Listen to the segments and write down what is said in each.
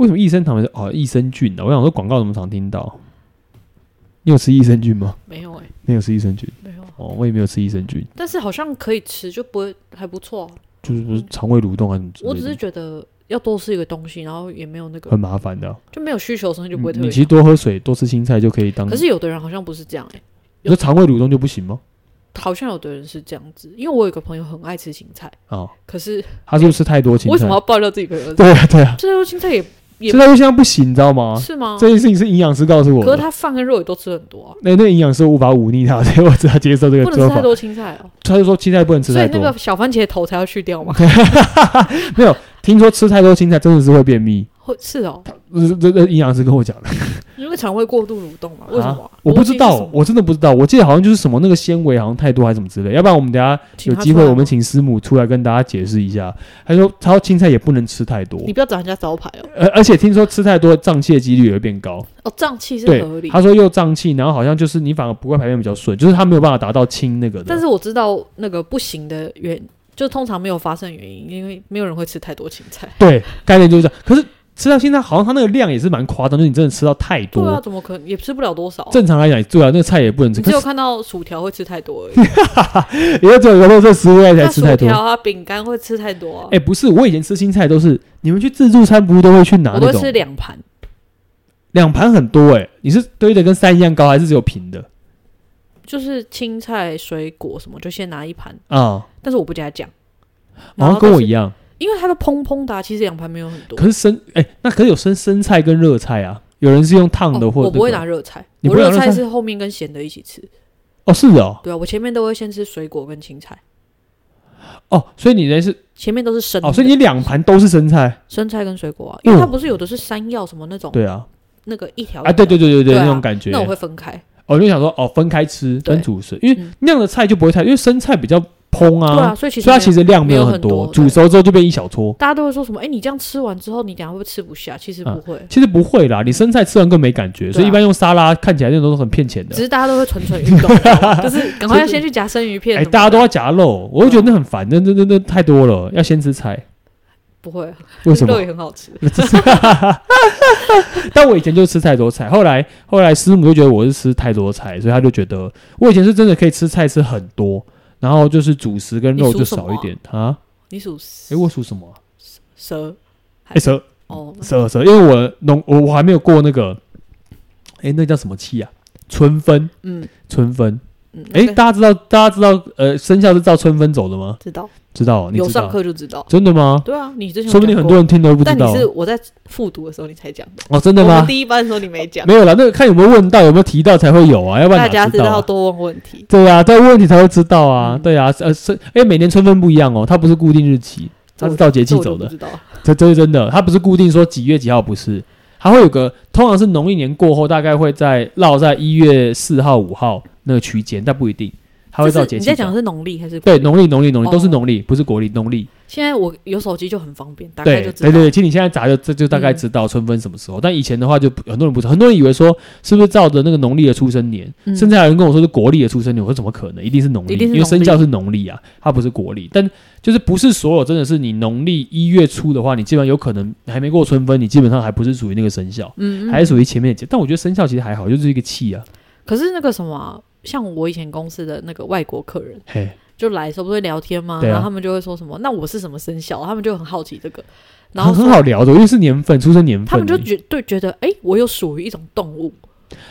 為什麼益生糖是哦益生菌的、啊？我想說廣告怎麼常聽到？你有吃益生菌嗎？沒有哎、欸，沒有吃益生菌，沒有、啊、哦，我也沒有吃益生菌。但是好像可以吃，就不會還不錯、啊。就是腸胃蠕動啊、嗯，我只是覺得要多吃一個東西，然後也沒有那個很麻煩的、啊，就沒有需求，所以就不會特、嗯。你其實多喝水、多吃青菜就可以當。可是有的人好像不是這樣哎、欸，你說腸胃蠕動就不行嗎？好像有的人是這樣子，因為我有個朋友很愛吃青菜哦，可是他是不是吃太多青菜？嗯、為什麼要爆料自己朋、啊、對啊對啊，吃太多青菜也。 吃菜又像不行，你知道嗎？是嗎？這件事情是營養師告訴我的，可是他飯跟肉也都吃很多、啊欸、那那營養師我無法忤逆他，所以我只能接受這個不能吃太多青菜哦、啊。他就說青菜不能吃，所以那個小番茄的頭才要去掉嗎？ 沒有，聽說吃太多青菜真的是會便秘。是哦，這這營養師跟我講的，因為腸胃過度蠕動嘛，為什麼、啊啊？我不知道我，我真的不知道。我記得好像就是什麼那個纖維好像太多還是怎麼之類，要不然我們等下有機會我們請師母出來跟大家解釋一下。他說，他說青菜也不能吃太多，你不要找人家招牌哦。而而且聽說吃太多脹氣的幾率也會變高哦。脹氣是合理。他說又脹氣，然後好像就是你反而不會排便比較順，就是他沒有辦法達到清那個的。但是我知道那個不行的原，就通常沒有發生原因，因為沒有人會吃太多青菜。對，概念就是這樣。可是。吃到現在好像它那個量也是蠻誇張，就是你真的吃到太多。對啊，怎麼可能也吃不了多少、啊？正常來講，對啊，那個菜也不能吃。只有看到薯條會吃太多而已，也只 有牛肉絲、蔬菜吃太多。薯條啊，餅乾會吃太多、啊。哎、欸，不是，我以前吃青菜都是你們去自助餐不是都會去拿那種？我會吃兩盤，兩盤很多哎、欸，你是堆的跟山一樣高還是只有平的？就是青菜、水果什麼就先拿一盤啊、哦，但是我不加醬，好像、就是、跟我一樣。因為它的砰砰的、啊，其實兩盤沒有很多。可是生哎、欸，那可是有生生菜跟熱菜啊。有人是用燙的，或者、這個哦、我不會拿熱菜。熱菜我熱菜是後面跟鹹的一起吃。哦，是的哦。對啊，我前面都會先吃水果跟青菜。哦，所以你那是前面都是生的哦，所以你兩盤都、哦、都是生菜，生菜跟水果啊，因為它不是有的是山藥什麼那種、嗯，對啊，那個一條啊，對對對對對、對、啊、那種感覺、欸，那種會分開。我、哦、就想說，哦，分開吃，分煮食，因為那樣的菜就不會太，因為生菜比較膨啊，對啊，所以其實其實量沒有很多，煮熟之後就變一小撮。大家都會說什麼？哎、欸，你這樣吃完之後，你等下會不會吃不下？其實不會、啊，其實不會啦。你生菜吃完更沒感覺，啊、所以一般用沙拉看起來那種都很騙錢的，只是大家都會蠢蠢欲動，就 是趕快要先去夾生魚片。哎、欸，大家都要夾肉，我就覺得那很煩、哦，那那那那，那太多了，要先吃菜。不會、啊，為什麼肉也很好吃 ？但我以前就吃太多菜， 後來後來師母就覺得我是吃太多菜，所以她就覺得我以前是真的可以吃菜吃很多，然後就是主食跟肉就少一點啊，啊。你屬哎、欸，我屬什麼、啊、蛇？哎蛇，蛇哦蛇蛇，因為我農我我還沒有過那個哎、欸，那叫什麼氣啊？春分嗯，春分。誒、嗯，欸 okay. 大家知道，大家知道，呃，生肖是照春分走的嗎？知道，知道,你知道，有上課就知道。真的嗎？對啊，你這說不定很多人聽都不知道。但是我在複讀的時候你才講的哦，真的嗎？我的第一班的時候你沒講。沒有了，那個、看有沒有問到，有沒有提到才會有啊，要不然、啊、大家知道要多問問題。對啊，多問問題才會知道啊，嗯、對啊，呃，是，誒，每年春分不一樣哦、喔，它不是固定日期，它是照節氣走的，知道這這是真的，它不是固定說幾月幾號，不是。還會有個，通常是農曆年過後，大概會在落在一月四號、五號那個區間，但不一定。會到節氣，這是你現在講的是農曆還是，對，農曆農曆農曆都是農曆，oh. 不是國曆農曆。現在我有手機就很方便，大概就知道，對對對。其實你現在咋就這就大概知道春分什麼時候、嗯？但以前的話就很多人不知道，很多人以為說是不是照着那個農曆的出生年，嗯、甚至還有人跟我說是國曆的出生年。我說怎麼可能？一定是農曆，因為生肖是農曆啊，它不是國曆。但就是不是所有，真的是你農曆一月初的話，你基本上有可能還沒過春分，你基本上還不是屬於那個生肖、嗯嗯，還是屬於前面的節。但我覺得生肖其實還好，就是一個氣啊。可是那個什麼、啊。像我以前公司的那個外國客人，hey, 就來的時候不會聊天嗎、啊？然後他們就會說什麼？那我是什麼生肖？他們就很好奇這個，然後很好聊的，因為是年份，出生年份，他們就覺對覺得，哎、欸，我又屬於一種動物，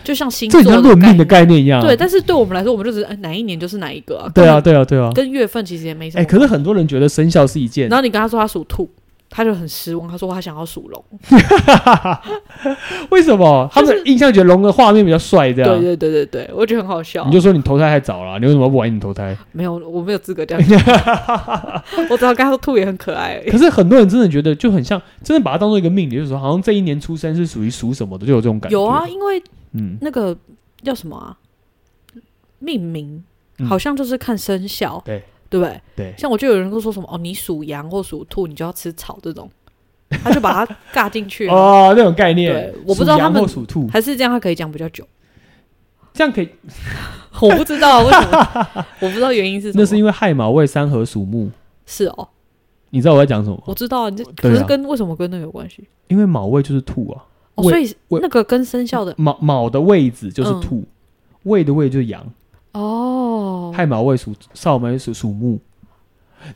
就像星座這種論命的概念一樣。對，但是對我們來說，我們就是哎、欸，哪一年就是哪一個、啊對啊？對啊，對啊，對啊，跟月份其實也沒什麼。哎、欸，可是很多人覺得生肖是一件，然後你跟他說他屬兔。他就很失望，他說：“他想要屬龍， 為什麼？他、就、們、是、印象覺得龍的畫面比較帥，這樣對對對對對，我覺得很好笑。你就說你投胎太早了，你為什麼不玩？你投胎？沒有，我沒有資格這樣講。 我知道該他說，兔也很可愛。可是很多人真的覺得就很像，真的把它當做一個命理，就是說，好像這一年出生是屬於屬什麼的，就有這種感覺。有啊，因為嗯，那個叫什麼啊？嗯、命名好像就是看生肖，嗯、對。”對不對？對，像我就有人會說什麼哦，你屬羊或屬兔，你就要吃草這種，他就把它尬進去 哦，那種概念。對，我不知道他們屬羊或屬兔，還是這樣，他可以講比較久。這樣可以， 我不知道為什麼， 我不知道原因是什麼。那是因為亥卯未三合屬木，是哦。你知道我在講什麼？我知道，這可是跟、啊、為什麼跟那個有關係？因為卯位就是兔啊、哦，所以那個跟生肖的卯卯的位置就是兔，未、嗯、的位就是羊。哦，亥卯未屬少門屬屬木。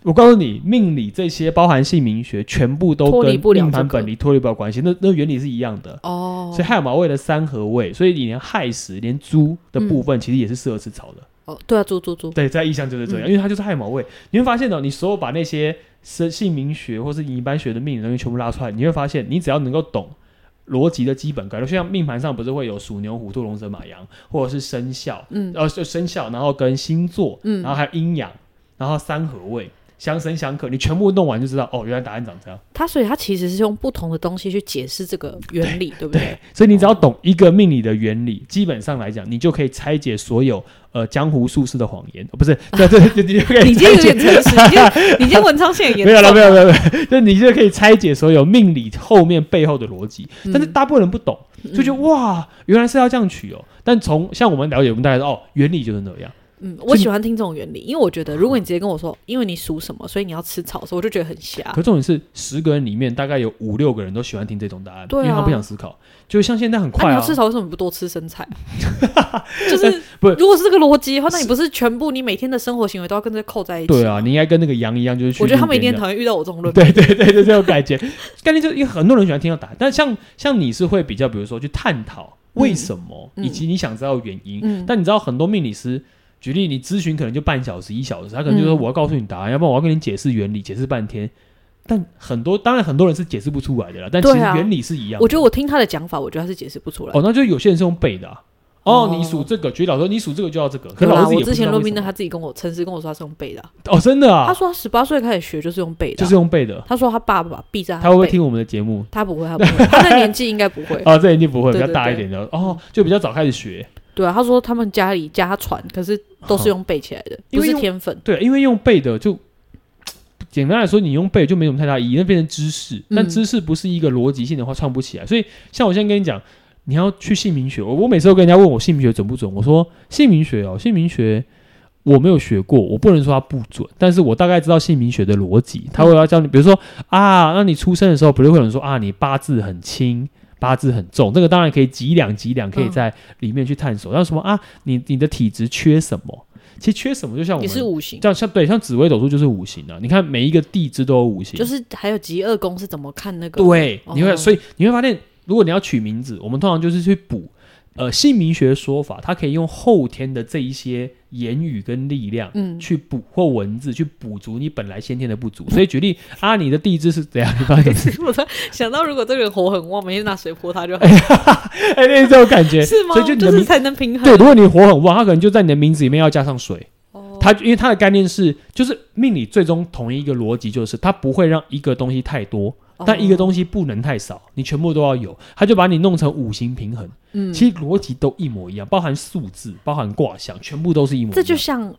我告訴你，命理這些包含姓名學，全部都跟命盤本離脫離不了關係。那那原理是一樣的。哦，所以亥卯未的三合位，所以你連亥時、連豬的部分，其實也是適合吃草的、嗯。哦、oh,，對啊，豬豬豬。對，在意象就是這樣，因為它就是亥卯未。你會發現呢、喔，你所有把那些生姓名學或是你一般學的命理東西全部拉出來，你會發現，你只要能夠懂。邏輯的基本概念，就像命盤上不是會有鼠、牛、虎、兔、龍、蛇、馬、羊，或者是生肖，嗯，就生肖，然後跟星座，嗯，然後還有陰陽，然後三合位。相生相剋，你全部弄完就知道哦，原來答案長這樣。他所以他其實是用不同的東西去解釋這個原理，對，對不對，對？所以你只要懂一個命理的原理，哦、基本上來講，你就可以拆解所有呃江湖術士的謊言。不是，對對對，啊你，啊、你今天有點誠實、啊你。你今天文昌的也演、啊。沒有了，沒有了沒有了，就你就可以拆解所有命理後面背後的邏輯、嗯。但是大部分人不懂，就覺得哇，原來是要這樣取哦、喔。但從像我們了解，我們大概說哦，原理就是那樣。嗯，我喜歡聽這種原理，因為我覺得如果你直接跟我說，嗯、因為你屬什麼，所以你要吃草的時候，我就覺得很瞎。可是重點是，十個人裡面大概有五六個人都喜歡聽這種答案，對啊、因為他不想思考。就像現在很快啊，啊要吃草，為什麼不多吃生菜、啊？ 就是、嗯、如果是這個邏輯的話，那你不是全部你每天的生活行為都要跟着扣在一起？對啊，你應該跟那個羊一樣，就是去我覺得他們一定討厭遇到我這種論，種 對對對對，就這種感覺。 概念就因為很多人喜歡聽到答案，但像像你是會比較，比如說去探討為什麼、嗯，以及你想知道原因、嗯。但你知道很多命理師。舉例，你諮詢可能就半小時一小時，他可能就說我要告訴你答案、嗯，要不然我要跟你解釋原理，解釋半天。但很多，當然很多人是解釋不出來的啦。但其實原理是一樣的。的、啊。我覺得我聽他的講法，我覺得他是解釋不出來的。哦，那就有些人是用背的、啊哦。哦，你數這個，舉例老師說，你數這個就要這個。可是老師我之前錄音的，他自己跟我誠實跟我說他是用背的、啊。哦，真的啊？他說他十八歲開始學就是用背的、啊，就是用背的。他說他爸爸閉上他會不會聽我們的節目？他不會，他不會。 他這年紀應該不會。啊、哦，這年紀不會，比較大一點的對對對哦，就比較早開始學。對啊，他說他們家裡家傳，可是都是用背起來的，因為不是天分。對、啊，因為用背的就簡單來說，你用背就沒什麼太大意義，那變成知識。但知識不是一個邏輯性的話，串不起來。所以像我現在跟你講，你要去姓名學，我我每次都跟人家問我姓名學準不準，我說姓名學哦，姓名學我沒有學過，我不能說它不準，但是我大概知道姓名學的邏輯。他會要教你，比如說啊，那你出生的時候，不是會有人說啊，你八字很輕。八字很重，這、那個當然可以幾兩幾兩，可以在裡面去探索。像什麼啊，你你的體質缺什麼？其實缺什麼，就像我們，你是五行，像像對，像紫微斗數就是五行的、啊。你看每一個地支都有五行，就是還有極二宮是怎麼看那個？對，你會、哦、呵呵所以你會發現，如果你要取名字，我們通常就是去補。呃，姓名學說法，它可以用後天的這一些言語跟力量，嗯，去補或文字，去補足你本來先天的不足。所以舉例 啊，你的地支是怎樣？我想到，如果這個人火很旺，每天拿水潑他就好哈，哎，那是這種感覺 是嗎？所以就，你就是才能平衡。對，如果你火很旺，他可能就在你的名字裡面要加上水。哦，他因為他的概念是，就是命理最終同一個邏輯，就是他不會讓一個東西太多。但一個東西不能太少，你全部都要有，他就把它你弄成五行平衡。嗯，其實邏輯都一模一樣，包含數字，包含卦象，全部都是一模一樣。這就像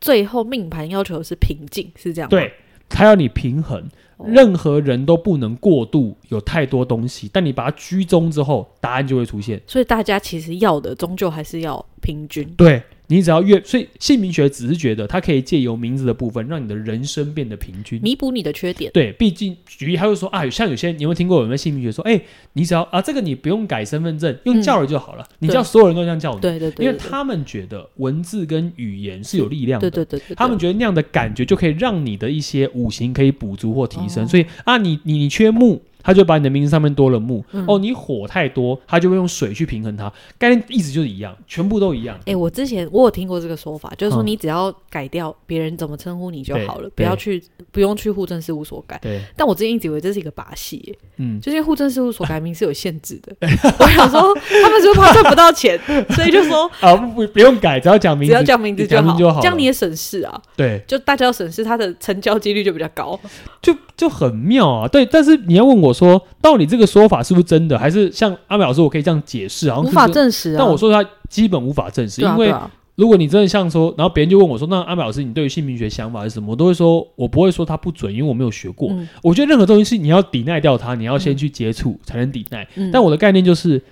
最後命盤要求的是平靜，是這樣嗎？對，他要你平衡，任何人都不能過度有太多東西，嗯，但你把它居中之後，答案就會出現。所以大家其實要的終究還是要。平均，對，你只要越，所以姓名學只是覺得，它可以借由名字的部分，讓你的人生變得平均，彌補你的缺點。對，畢竟，舉例，他會說啊，像有些，你有沒有聽過有沒有姓名學說？哎，你只要啊，這個你不用改身份證，用叫了就好了，嗯、你叫所有人都這樣叫對對對，因為他們覺得文字跟語言是有力量的，對對對，對，對對對，他們覺得那樣的感覺就可以讓你的一些五行可以補足或提升。哦、所以啊，你你，你缺木。他就把你的名字上面多了木。嗯、哦，你火太多，他就會用水去平衡它。概念意思就是一樣，全部都一樣。哎、欸，我之前我有聽過這個說法，嗯、就是說你只要改掉別人怎麼稱呼你就好了，不要去不用去戶政事務所改。但我之前一直以為這是一個把戲、欸。嗯，這些戶政事務所改名是有限制的。啊、我想說，他們是怕賺不到錢， 所以就說啊不不用改，只要講名字，只要講名字就好，講名字就好，這樣你也省事啊。對，就大家要省事，它的成交幾率就比較高，就就很妙啊。對，但是你要問我說，到底這個說法是不是真的，還是像阿美老師，我可以這樣解釋，無法證實、啊。但我說，說他基本無法證實，因為、啊啊。如果你真的像說，然後別人就問我說：“那阿美老師，你對於姓名學想法是什麼？”我都會說：“我不會說它不準，因為我沒有學過、嗯。我覺得任何東西是你要抵耐掉它，你要先去接觸才能抵耐。嗯、但我的概念就是，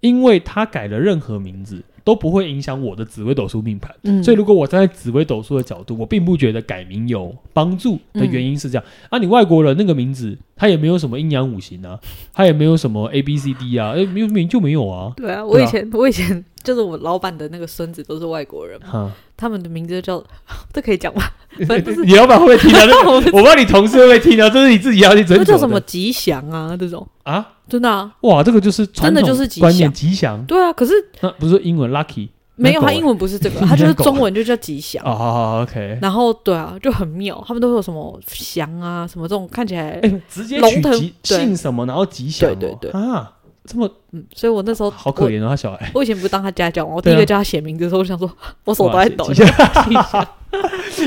因為它改了任何名字都不會影響我的紫微斗數命盤、嗯。所以如果我站在紫微斗數的角度，我並不覺得改名有幫助的原因是這樣。嗯、啊，你外國人那個名字。他也沒有什麼陰陽五行啊，他也沒有什麼 A B C D 啊，明、欸、明就沒有啊。對啊，對啊，我以前我以前就是我老闆的那個孫子都是外國人嘛、嗯，他們的名字叫這可以講嗎？就是欸，你老闆會不會聽到？啊 這個，我不知道你同事會不會聽到？啊， 這是你自己要去爭取的，這叫什麼吉祥啊？這種啊，真的啊，哇，這個就是傳統，真的就是觀念吉祥，對啊，可是那、啊、不是英文 lucky。沒有、欸，他英文不是這個，他就是中文就叫吉祥。啊，OK、欸。然後對啊，就很妙，他們都有什麼祥啊，什麼這種看起來、欸、直接取吉姓什麼，然後吉祥。對對對啊，這麼嗯，所以我那時候、啊、好可憐啊、哦，他小孩我。我以前不是當他家教嗎？我第一個叫他寫名字的時候，我想說，啊、我手都在抖，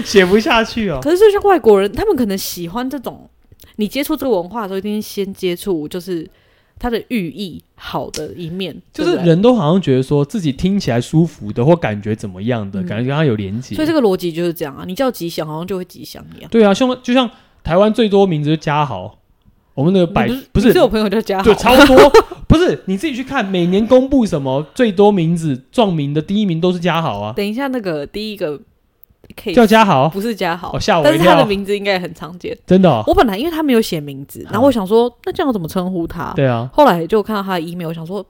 寫不下去啊、哦 哦。可是就像外國人，他們可能喜歡這種，你接觸這個文化的時候，一定先接觸就是。它的寓意好的一面，就是人都好像覺得說自己聽起來舒服的，或感覺怎麼樣的，嗯、感覺跟他有連接。所以這個邏輯就是這樣啊，你叫吉祥，好像就會吉祥一樣。對啊，就像就像台灣最多名字就嘉豪，我們的百不是，不是你是我朋友叫嘉豪，就超多。不是你自己去看，每年公布什麼最多名字撞名的第一名都是嘉豪啊。等一下，那個第一個。叫家豪，不是家豪，哦、但是他的名字應該很常見。真的、哦，我本來因為他沒有寫名字，然後我想說，哦、那這樣怎麼稱呼他？對啊。後來就看到他的 email，我想說，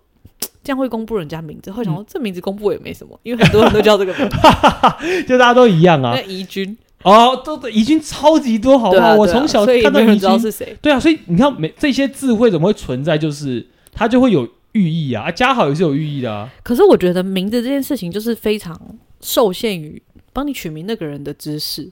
這樣會公布人家名字。嗯、後來想說，這名字公布也沒什麼，因為很多人都叫這個名字， 就大家都一樣啊。那怡、個、君，宜君哦，都怡君超級多，好不好、啊啊？我從小看到人知道是誰。對啊，所以你看，每這些字會怎麼會存在，就是他就會有寓意啊，啊。家豪也是有寓意的。啊。可是我覺得名字這件事情就是非常受限於。幫你取名那個人的知識，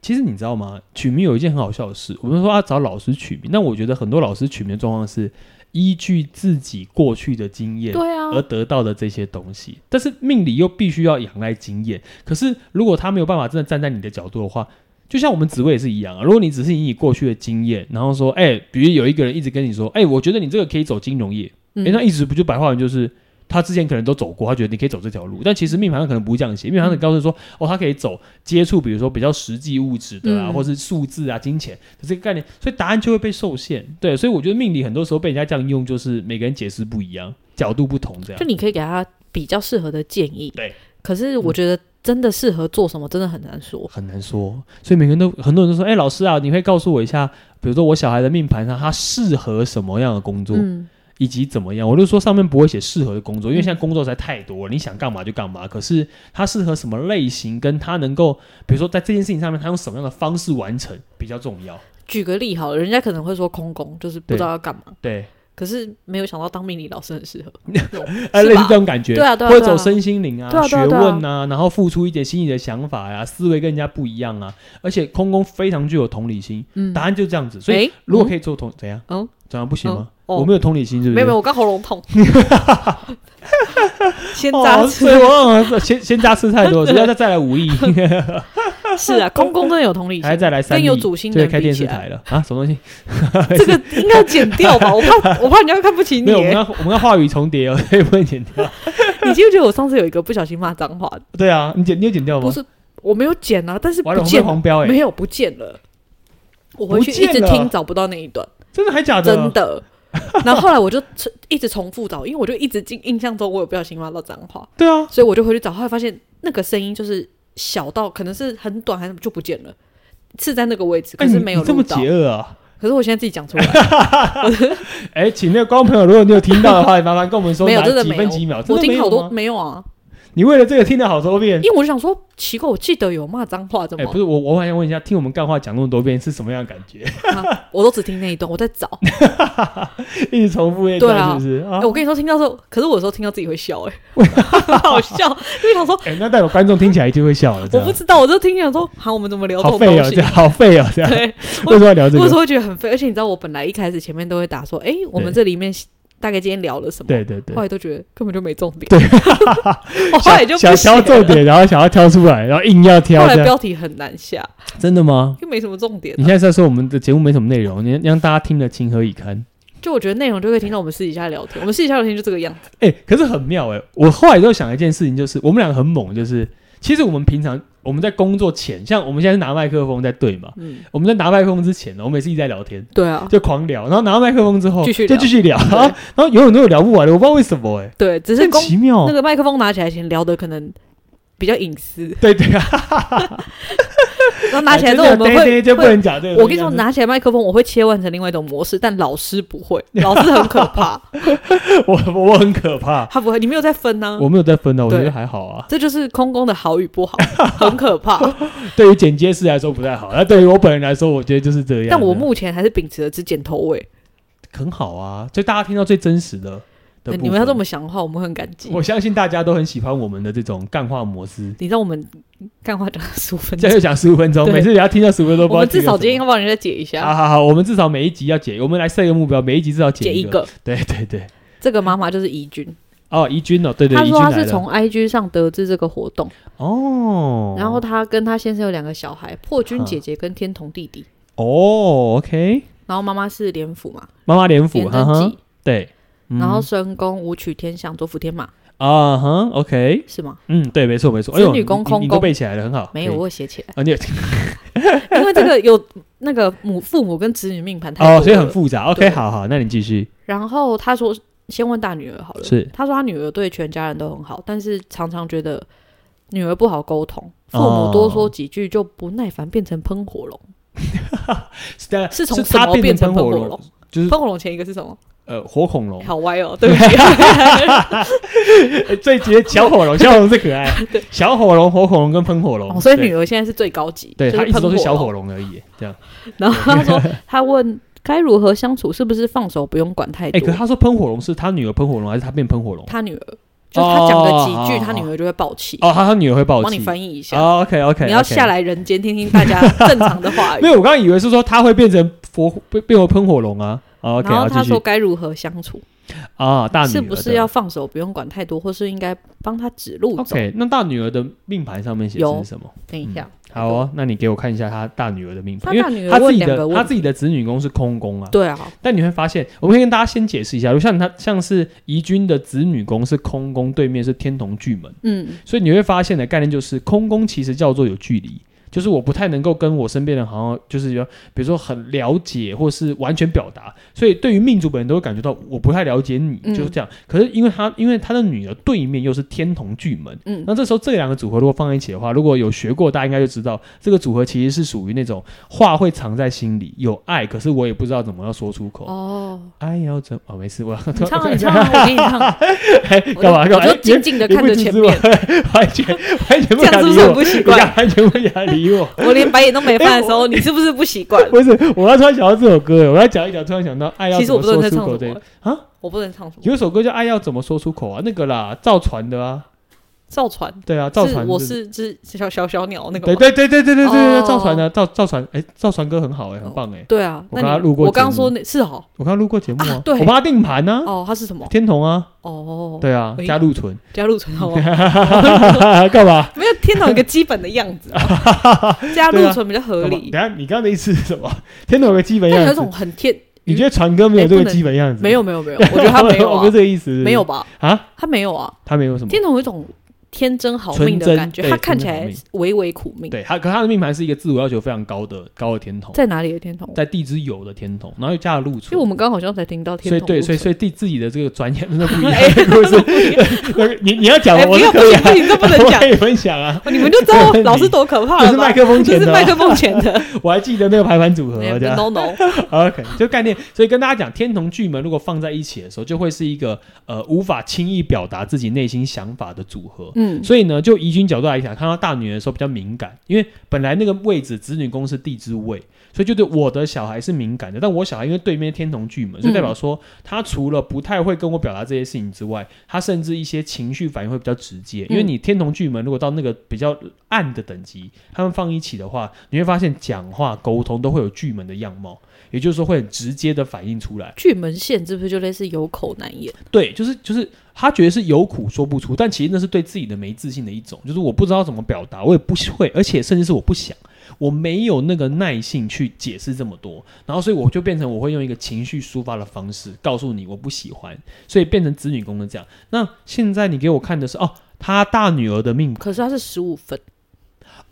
其實你知道嗎？取名有一件很好笑的事，我們說要、啊、找老師取名，那我覺得很多老師取名的狀況是依據自己過去的經驗，對啊，而得到的這些東西，啊、但是命理又必須要仰賴經驗。可是如果他沒有辦法真的站在你的角度的話，就像我們職位也是一樣啊。如果你只是以你過去的經驗，然後說，哎、欸，比如有一個人一直跟你說，哎、欸，我覺得你這個可以走金融業，哎、嗯，那、欸、一直不就白話文就是？他之前可能都走過，他覺得你可以走這條路，但其實命盤上可能不會這樣寫、嗯，命盤上告訴說哦，他可以走接觸，比如說比較實際物質的啊，嗯、或是數字啊、金錢的這個概念，所以答案就會被受限。對，所以我覺得命理很多時候被人家這樣用，就是每個人解釋不一樣，角度不同這樣。就你可以給他比較適合的建議。對。可是我覺得真的適合做什麼，真的很難說、嗯，很難說。所以每個人都很多人都說，哎、欸，老師啊，你可以告訴我一下，比如說我小孩的命盤上他適合什麼樣的工作？嗯以及怎麼樣？我就說上面不會寫適合的工作，因為現在工作實在太多了，嗯、你想幹嘛就幹嘛。可是他適合什麼類型，跟他能夠，比如說在這件事情上面，他用什麼樣的方式完成比較重要。舉個例好了，人家可能會說空宮就是不知道要幹嘛，對。對。可是沒有想到當命理老師很適合，哎、 呃，類似這種感覺，對啊，對啊，對啊，會啊，對。會走身心靈啊，啊啊、學問啊，然後付出一點心裡的想法呀、啊，對啊對啊對啊，思維跟人家不一樣啊。而且空宮非常具有同理心，嗯、答案就這樣子。所以如果可以做同、嗯、怎樣哦？嗯這樣不行嗎、嗯哦？我沒有同理心，是不是？沒有沒有，我剛喉嚨痛。 先扎刺，哦，先先扎刺太多，只要再再來五億。 是啊，空空真的有同理心，還再來三億，有主心，對，開電視台了 啊？什麼東西？ 這個應該剪掉吧？ 我怕，我怕人家看不起你，欸。沒有，我們要我們要話語重疊哦，所以不會剪掉？ 你記不記得我上次有一個不小心罵髒話？對啊，你剪，你有剪掉嗎？不是，我沒有剪啊，但是不見了，了黃標欸、沒有不見，不見了。我回去一直聽，不聽，找不到那一段。真的還假的？真的。然後後來我就一直重複找， 因為我就一直印象中我有不小心挖到髒話。對啊，所以我就回去找，後來發現那個聲音就是小到可能是很短，還是就不見了，是在那個位置，可是沒有錄到、欸、這麼邪惡啊！可是我現在自己講出來。哎、 欸，請那個觀眾朋友，如果你有聽到的話，麻 煩跟我們說，有，幾分幾秒？我聽好多,聽好多沒有啊。你為了這個聽了好多遍，因為我就想說奇怪，我記得有罵髒話的嗎？哎、欸，不是我，我還想問一下，聽我們幹話講那麼多遍是什麼樣的感覺、啊？我都只聽那一段，我在找， 一直重複那一段，是不是對、啊啊欸？我跟你說，聽到時候，可是我有時候聽到自己會笑、欸，哎， 好笑， 因為想說，哎、欸，那代表觀眾聽起來一定會笑了、啊。我不知道，我就聽起來說，喊、啊、我們怎麼聊這種東西這樣好廢啊、喔，這樣。喔、這樣對為什麼要聊這個？為什麼會覺得很廢？而且你知道，我本來一開始前面都會打說，哎、欸，我們這裡面。大概今天聊了什麼？對對對，後來都覺得根本就沒重點。對，我後來就想挑重點，然後想要挑出來，然後硬要挑出來。標題很難下，真的嗎？又沒什麼重點啊。你現在是在說我們的節目沒什麼內容，你讓大家聽了情何以堪？就我覺得內容就可以聽到我們私底下聊天，我們私底下聊天就這個樣子。哎，可是很妙哎！我後來就想了一件事情，就是我們兩個很猛，就是其實我們平常。我們在工作前，像我們現在是拿麥克風在對嘛？嗯，我們在拿麥克風之前呢，我們也是一直在聊天，對啊，就狂聊。然後拿到麥克風之後，繼續就繼續聊。續聊啊、然後，有很多有聊不完的，我不知道為什麼哎、欸。對，只是很奇妙，那個麥克風拿起來前，聊的可能比較隱私。對對啊。 然後拿起來的時候，我們會講，我跟你說，拿起來麥克風，我會切換成另外一種模式，但老師不會，老師很可怕。 我我很可怕，他不會。你沒有在分呢？啊？我沒有在分呢，我覺得還好啊。這就是空宮的好與不好， 很可怕。 對於剪接師來說不太好，但對於我本人來說，我覺得就是這樣。但我目前還是秉持了只剪頭尾，很好啊，就大家聽到最真實的。嗯、你們要這麼想的話，我們很感激。我相信大家都很喜歡我們的這種幹話模式。 你知道我們幹話講十五分鐘，現在又講十五分鐘，每次也要聽到十五分鐘。不 我至少今天應該幫人家解一下。好好好，我們至少每一集要解。我們來設一個目標，每一集至少解一個。一個對對對，這個媽媽就是怡君哦，怡君哦，對對、對。她說她是從 IG 上得知這個活動哦，然後她跟她先生有兩個小孩，破軍姐姐跟天同弟弟哦。OK，然後媽媽是廉府嘛，媽媽廉府廉貞呵呵對。嗯、然後申宮武曲天相左輔天馬啊，哈、uh -huh,，OK，是嗎？嗯，對，沒錯，沒錯。子女宮空宮背起來了，很好。沒有，我會寫起來。啊，你，因為這個有那個母父母跟子女命盤太，哦、oh,，所以很複雜。OK，好好，那你繼續。然後他說，先問大女兒好了。是。他說他女兒對全家人都很好，但是常常覺得女兒不好溝通，oh. 父母多說幾句就不耐煩，變成噴火龍。 是從什麼他變成噴火龍？就噴火龍前一個是什麼？就是呃，火恐龍、欸、好歪哦，對不起。對？ 最絕小火龍，小火龍最 可愛。對小火龍、火恐龍跟噴火龍，所以女兒現在是最高級。對她、就是、一直都是小火龍而已，這樣。 然後他說， 他問該如何相處，是不是放手不用管太多？哎、欸，可是他說噴火龍是他女兒噴火龍，還是他變噴火龍？他女兒就他講個幾句、哦，他女兒就會爆氣哦。他他女兒會爆氣，幫你翻譯一下。哦、okay, OK OK，你要下來人間聽聽大家正常的話語。 沒有，我剛剛以為是說他會變成佛，變變為噴火龍啊。Oh, okay, 然後他說該如何相處啊、哦？大女兒是不是要放手，不用管太多，或是應該幫他指路。OK，那大女兒的命盤上面寫的是什麼？等一下，嗯、好哦、嗯，那你給我看一下他大女兒的命盤，因為她自己的她自己的子女宮是空宮啊。對啊，但你會發現，我可以跟大家先解釋一下，像他像是宜君的子女宮是空宮，對面是天同巨門，嗯，所以你會發現的概念就是空宮其實叫做有距離。就是我不太能夠跟我身邊的人好像就是比，比如說很了解或是完全表達，所以對於命主本人都會感覺到我不太了解你，嗯，就是這樣。可是因為他因為他的女兒對面又是天同巨門，嗯，那這時候這兩個組合如果放在一起的話，如果有學過，大家應該就知道這個組合其實是屬於那種話會藏在心裡，有愛，可是我也不知道怎麼要說出口。哦，愛要怎？哦，沒事，我唱，你唱，我給你，你唱。幹嘛幹嘛？就靜靜的看着前面，完全完全不敢理我，完全，完全不敢理。 我連白眼都沒放的時候、欸，你是不是不習慣？不是，我要突然想到這首歌，我要講一講。突然想到愛要怎麼說出口、這個？啊，我不能唱。有首歌叫《愛要怎麼說出口》啊，那個啦，趙傳的啊。趙傳。對啊，趙傳是是。是我是只小小小鳥，那個。對對對對對對對對、oh.，的趙趙傳。哎、欸，趙傳歌很好哎、欸，很棒哎、欸。Oh, 對啊，我那我剛路過，我剛剛說那是哦，我剛剛錄過節目啊，ah, 對我幫他定盤呢、啊。哦、oh,，他是什麼？天同啊。哦、oh.，對啊，加祿存，加祿存、啊。好。幹嘛？沒有。天同有個基本的樣子、啊， 加祿存比較合理。啊嗯、等下，你剛的意思是什麼？天同有個基本樣子，有一種很天。你覺得傳哥沒有這個基本樣子？欸、沒有，沒有，沒有， 我覺得他沒有、啊。我覺得這個意思是是。沒有吧？啊，他沒有啊。他沒有什麼。天同有一種。天真好命的感覺，他看起來微微苦命。對他，可他的命盤是一個自我要求非常高的高的天同。在哪裡的天同？在地支酉的天同，然後又加了祿存。因為我們剛好像才聽到天同。所以對，所以所以對自己的這個專業。真的不一樣、 欸不 你。你你要講的、欸、我不要、啊，不行，你都不能講。啊、可以分享啊，你們就知道老師多可怕了。是麥克，克風前的，麥克風前的。我還記得那個排盤組合、啊欸、No no。 OK，就概念。所以跟大家講，天同巨門如果放在一起的時候，就會是一個呃無法輕易表達自己內心想法的組合。嗯所以呢，就宜君角度來講，看到大女兒的時候比較敏感，因為本來那個位置子女宮是地之位，所以就對我的小孩是敏感的。但我小孩因為對面天同巨門，就代表說、嗯、他除了不太會跟我表達這些事情之外，他甚至一些情緒反應會比較直接。因為你天同巨門如果到那個比較暗的等級，他們放一起的話，你會發現講話溝通都會有巨門的樣貌。也就是說，會很直接的反映出來。巨門線是不是就類似有口難言？對，就是就是他覺得是有苦說不出，但其實那是對自己的沒自信的一種，就是我不知道怎麼表達，我也不會，而且甚至是我不想，我沒有那個耐性去解釋這麼多，然後所以我就變成我會用一個情緒抒發的方式告訴你我不喜歡，所以變成子女宮的這樣。那現在你給我看的是哦，他大女兒的命，可是他是十五分。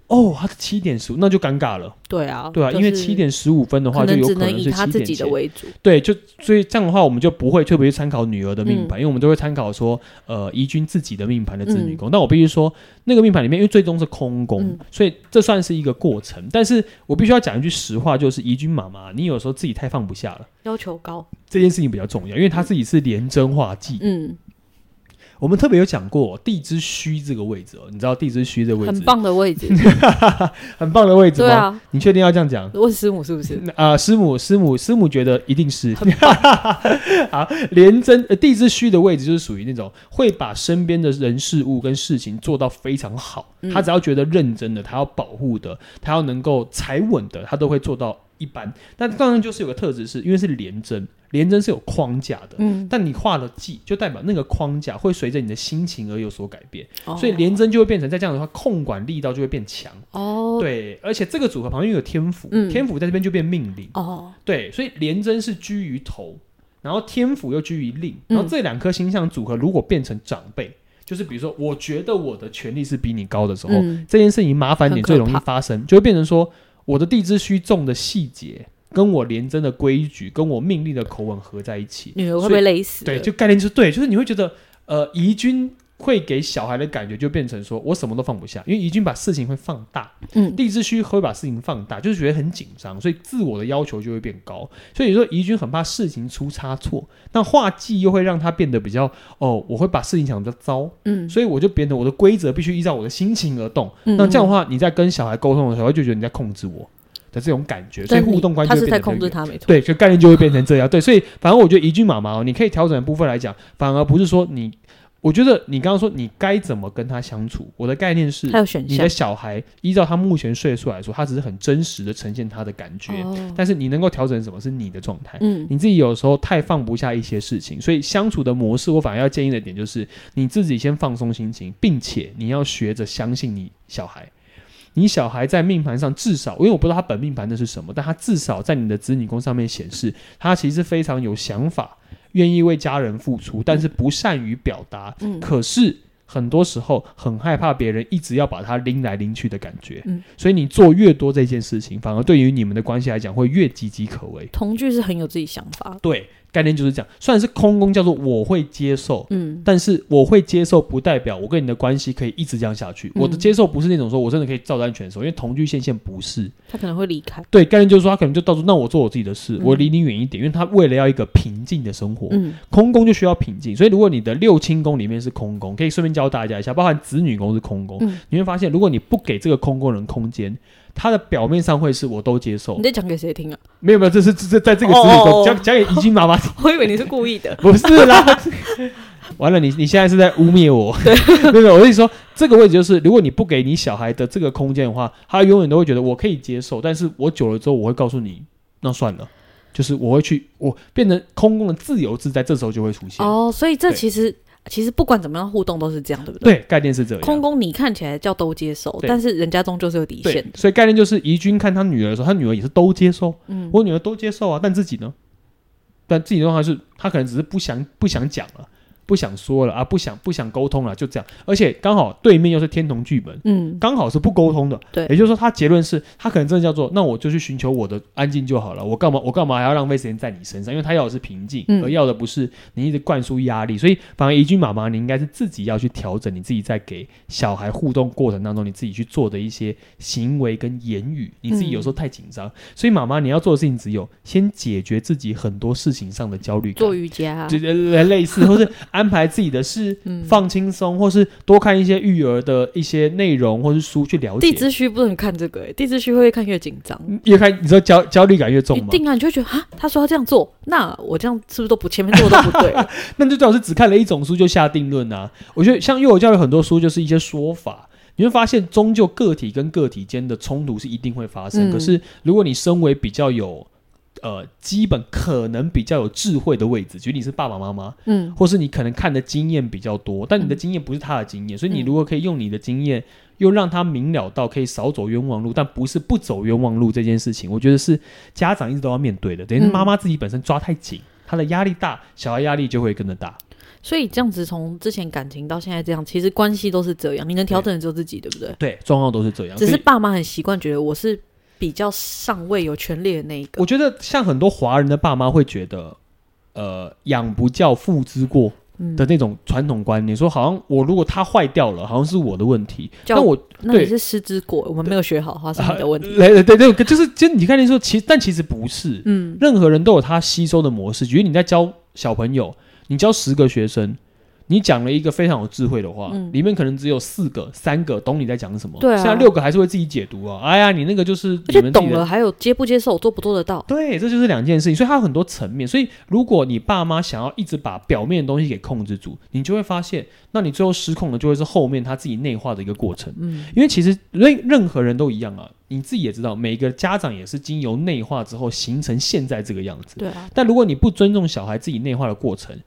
哦，他是七點十五，那就尷尬了。對啊，對啊，就是，因為七點十五分的話，可能只能以他自己的為主。對，就所以這樣的話，我們就不會特別去參考女兒的命盤，嗯，因為我們都會參考說，呃，怡君自己的命盤的子女宮，嗯。但我必須說，那個命盤裡面，因為最終是空宮，嗯，所以這算是一個過程。但是我必須要講一句實話，就是怡君媽媽，你有時候自己太放不下了，要求高，這件事情比較重要，因為她自己是廉貞化忌，嗯。嗯我們特別有講過、喔、地之虛這個位置、喔，你知道地之虛這個位置很棒的位置，很棒的位置。 位置對啊，你確定要這樣講？問師母是不是？啊、呃，師母，師母，師母覺得一定是。好，廉 貞、啊呃、地之虛的位置就是屬於那種會把身邊的人事物跟事情做到非常好、嗯。他只要覺得認真的，他要保護的，他要能夠踩穩的，他都會做到一般。但當然就是有個特質是，是因為是廉貞。廉貞是有框架的，嗯，但你化了忌，就代表那個框架會隨着你的心情而有所改變，哦、所以廉貞就會變成在這樣的話，控管力道就會變強，哦，對，而且這個組合旁邊又有天府、嗯，天府在這邊就變命令，哦，對，所以廉貞是居於頭，然後天府又居於令、嗯，然後這兩顆星象組合如果變成長輩、嗯，就是比如說我覺得我的權力是比你高的時候，嗯、這件事情麻煩點最容易發生，就會變成說我的地支虛重的細節。跟我廉貞的規矩，跟我命令的口吻合在一起，女兒會類似？對，就概念就是對，就是你會覺得，呃，疑君會給小孩的感覺就變成說我什麼都放不下，因為疑君把事情會放大，嗯，地之虛會把事情放大，就是覺得很緊張，所以自我的要求就會變高。所以說疑君很怕事情出差錯，那化忌又會讓他變得比較哦，我會把事情想得糟，嗯，所以我就變得我的規則必須依照我的心情而動，嗯。那這樣的話，你在跟小孩溝通的時候，就覺得你在控制我。的這種感覺，所以互動關係，他在控制他，沒錯，對，就概念就會變成這樣。 對，所以反而我覺得一句媽媽、喔，你可以調整的部分來講，反而不是說你，我覺得你剛剛說你該怎麼跟他相處，我的概念是，你的小孩依照他目前歲數來，來說，他只是很真實的呈現他的感覺。哦、但是你能夠調整什麼，是你的狀態、嗯。你自己有時候太放不下一些事情，所以相處的模式，我反而要建議的點就是，你自己先放鬆心情，並且你要學着相信你小孩。你小孩在命盤上至少，因為我不知道他本命盤的是什麼，但他至少在你的子女宮上面顯示，他其實非常有想法，願意為家人付出，但是不善於表達，嗯。可是很多時候很害怕別人一直要把他拎來拎去的感覺，嗯。所以你做越多這件事情，反而對於你們的關係來講會越岌岌可危。同居是很有自己想法。對。概念就是這樣，雖然是空宮，叫做我會接受，嗯，但是我會接受不代表我跟你的關係可以一直這樣下去。嗯。我的接受不是那種說我真的可以照單全收，因為同居現象不是，他可能會離開。對，概念就是說他可能就到處，那我做我自己的事，嗯，我離你遠一點，因為他為了要一個平靜的生活，嗯，空宮就需要平靜。所以如果你的六親宮裡面是空宮，可以順便教大家一下，包含子女宮是空宮，嗯，你會發現如果你不給這個空宮人空間。他的表面上會是我都接受，你在講給誰聽啊？沒有沒有，這是這在這個詞裡頭講講給已經媽媽。 我以為你是故意的， 不是啦。 完了，你你現在是在污衊我？ 沒有沒有，我跟你說這個位置就是，如果你不給你小孩的這個空間的話，他永遠都會覺得我可以接受，但是我久了之後，我會告訴你，那算了，就是我會去，我變成空空的自由自在，這時候就會出現哦。Oh, 所以這其實。其實不管怎麼樣互動，都是這樣，對不對？對，概念是這樣。空宮，你看起來叫都接受，但是人家終究是有底線的。所以概念就是，宜君看他女兒的時候，他女兒也是都接受。嗯，我女兒都接受啊，但自己呢？但自己的話、就是，他可能只是不想不想講了、啊。不想說了啊！不想不想溝通了，就這樣。而且剛好對面又是天同巨門，嗯，剛好是不溝通的。對，也就是說，他結論是他可能真的叫做那我就去尋求我的安靜就好了。我幹嘛我幹嘛還要浪費時間在你身上？因為他要的是平靜，嗯，而要的不是你一直灌輸壓力。所以，反而宜君：媽媽，你應該是自己要去調整你自己在給小孩互動過程當中你自己去做的一些行為跟言語。你自己有時候太緊張，嗯，所以媽媽你要做的事情只有先解決自己很多事情上的焦慮感，做瑜伽，類似，或，類似 或是。安排自己的事，嗯、放輕鬆，或是多看一些育兒的一些內容，或是書去了解。地質虛不能看這個、欸，哎，地質虛會，會越看越緊張，越看你知道焦焦慮感越重嗎？一定啊，你就會覺得啊，他說他這樣做，那我這樣是不是都不前面做的不對？ 那就最好是只看了一種書就下定論啊。我覺得像幼兒教育很多書就是一些說法，你會發現，終究個體跟個體間的衝突是一定會發生、嗯。可是如果你身為比較有。呃，基本可能比較有智慧的位置，舉例你是爸爸媽媽，嗯，或是你可能看的經驗比較多，但你的經驗不是他的經驗、嗯，所以你如果可以用你的經驗，又讓他明了到可以少走冤枉路，但不是不走冤枉路這件事情，我覺得是家長一直都要面對的。等於是媽媽自己本身抓太緊、嗯，他的壓力大，小孩壓力就會跟着大。所以這樣子從之前感情到現在這樣，其實關係都是這樣，你能調整的只有自己對，對不對？對，狀況都是這樣，只是爸媽很習慣，覺得我是。比較上位有權力的那一個，我覺得像很多華人的爸媽會覺得，呃，養不教父之過的那種傳統觀念，嗯、說好像我如果他壞掉了，好像是我的問題。那我那你是師之過，我們沒有學好的話，是你的問題、呃。對對對，就是就你看你說，其實但其實不是，嗯，任何人都有他吸收的模式。比如你在教小朋友，你教十個學生，你講了一個非常有智慧的話，嗯，裡面可能只有四個、三個懂你在講什麼，對啊，現在六個還是會自己解讀啊。哎呀，你那個就是，你們懂了還有接不接受、做不做得到，對，這就是兩件事情，所以它有很多層面。所以如果你爸媽想要一直把表面的東西給控制住，你就會發現，那你最後失控的就會是後面他自己內化的一個過程。嗯，因為其實任任何人都一樣啊，你自己也知道，每個家長也是經由內化之後形成現在這個樣子。對啊，但如果你不尊重小孩自己內化的過程，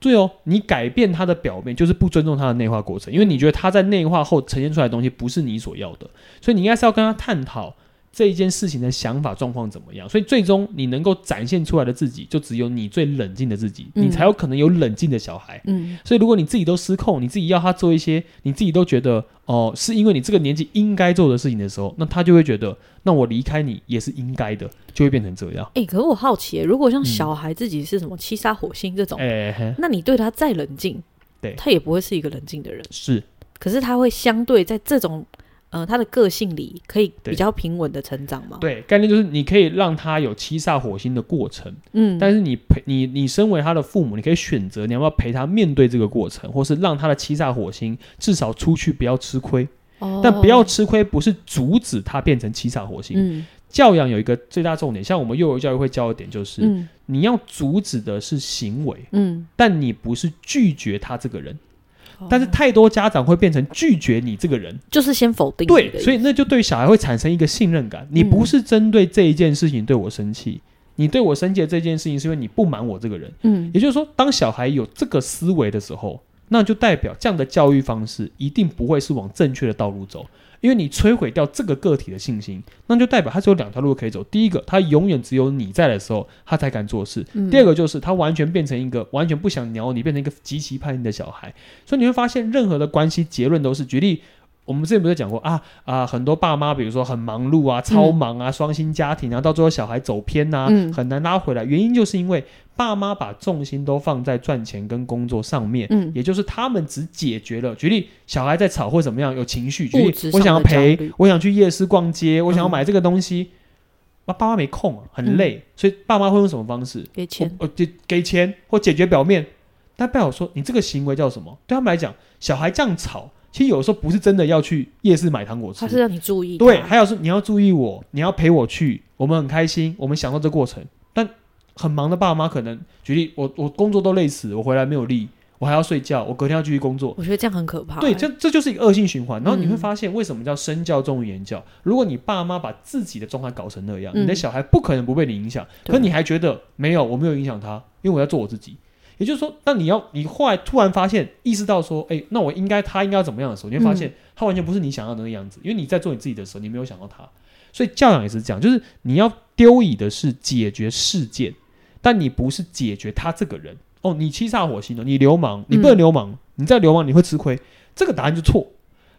對哦，你改變他的表面，就是不尊重他的內化過程。因為你覺得他在內化後呈現出來的東西不是你所要的，所以你應該是要跟他探討。這一件事情的想法狀況怎麼樣？所以最終你能夠展現出來的自己，就只有你最冷靜的自己，嗯，你才有可能有冷靜的小孩。嗯，所以如果你自己都失控，你自己要他做一些你自己都覺得哦，呃，是因為你這個年紀應該做的事情的時候，那他就會覺得，那我離開你也是應該的，就會變成這樣。哎，欸，可是我好奇，欸，如果像小孩自己是什麼七殺火星這種，嗯，那你對他再冷靜，對他也不會是一個冷靜的人。是，可是他會相對在這種。呃，他的個性裡可以比較平穩的成長嗎？對，概念就是你可以讓他有七殺火星的過程，嗯，但是你陪你你身為他的父母，你可以選擇你要不要陪他面對這個過程，或是讓他的七殺火星至少出去不要吃虧，哦，但不要吃虧不是阻止他變成七殺火星，嗯，教養有一個最大重點，像我們幼兒教育會教的點就是，嗯，你要阻止的是行為，嗯，但你不是拒絕他這個人。但是太多家長會變成拒絕你這個人，就是先否定。對，所以那就對小孩會產生一個信任感。你不是針對這一件事情對我生氣，嗯，你對我生氣的這件事情是因為你不滿我這個人。嗯，也就是說，當小孩有這個思維的時候，那就代表這樣的教育方式一定不會是往正確的道路走。因為你摧毀掉這個個體的信心，那就代表他只有兩條路可以走。第一個，他永遠只有你在的時候，他才敢做事；嗯、第二個，就是他完全變成一個完全不想鳥你，變成一個極其叛逆的小孩。所以你會發現，任何的關係結論都是，舉例，我們之前不是講過啊啊，很多爸媽比如說很忙碌啊、超忙啊、嗯、雙薪家庭、啊，然後到最後小孩走偏吶、啊嗯，很難拉回來，原因就是因為。爸媽把重心都放在賺錢跟工作上面，嗯，也就是他們只解決了，舉例小孩在吵或怎麼樣有情緒決定，我想要陪，我想去夜市逛街，嗯、我想要買這個東西，啊、爸媽沒空、啊，很累、嗯，所以爸媽會用什麼方式？給錢，哦、呃，給給錢或解決表面。但不要說，你這個行為叫什麼？對他們來講，小孩這樣吵，其實有的時候不是真的要去夜市買糖果吃，他是讓你注意，對，還有說你要注意我，你要陪我去，我們很開心，我們享受這過程。很忙的爸媽可能舉例，我我工作都累死，我回來沒有力，我還要睡覺，我隔天要繼續工作。我覺得這樣很可怕、欸。對，這這就是一個惡性循環。然後你會發現，為什麼叫身教重於言教？如果你爸媽把自己的狀態搞成那樣、嗯，你的小孩不可能不被你影響、嗯。可你還覺得沒有，我沒有影響他，因為我要做我自己。也就是說，但你要你後來突然發現，意識到說，哎、欸，那我應該他應該要怎麼樣的時候，你會發現、嗯、他完全不是你想要的那個樣子、嗯。因為你在做你自己的時候，你沒有想到他，所以教養也是這樣，就是你要丟以的是解決事件。但你不是解決他這個人哦，你七煞火星的。你流氓，你不能流氓，嗯、你再流氓你會吃虧，這個答案就錯。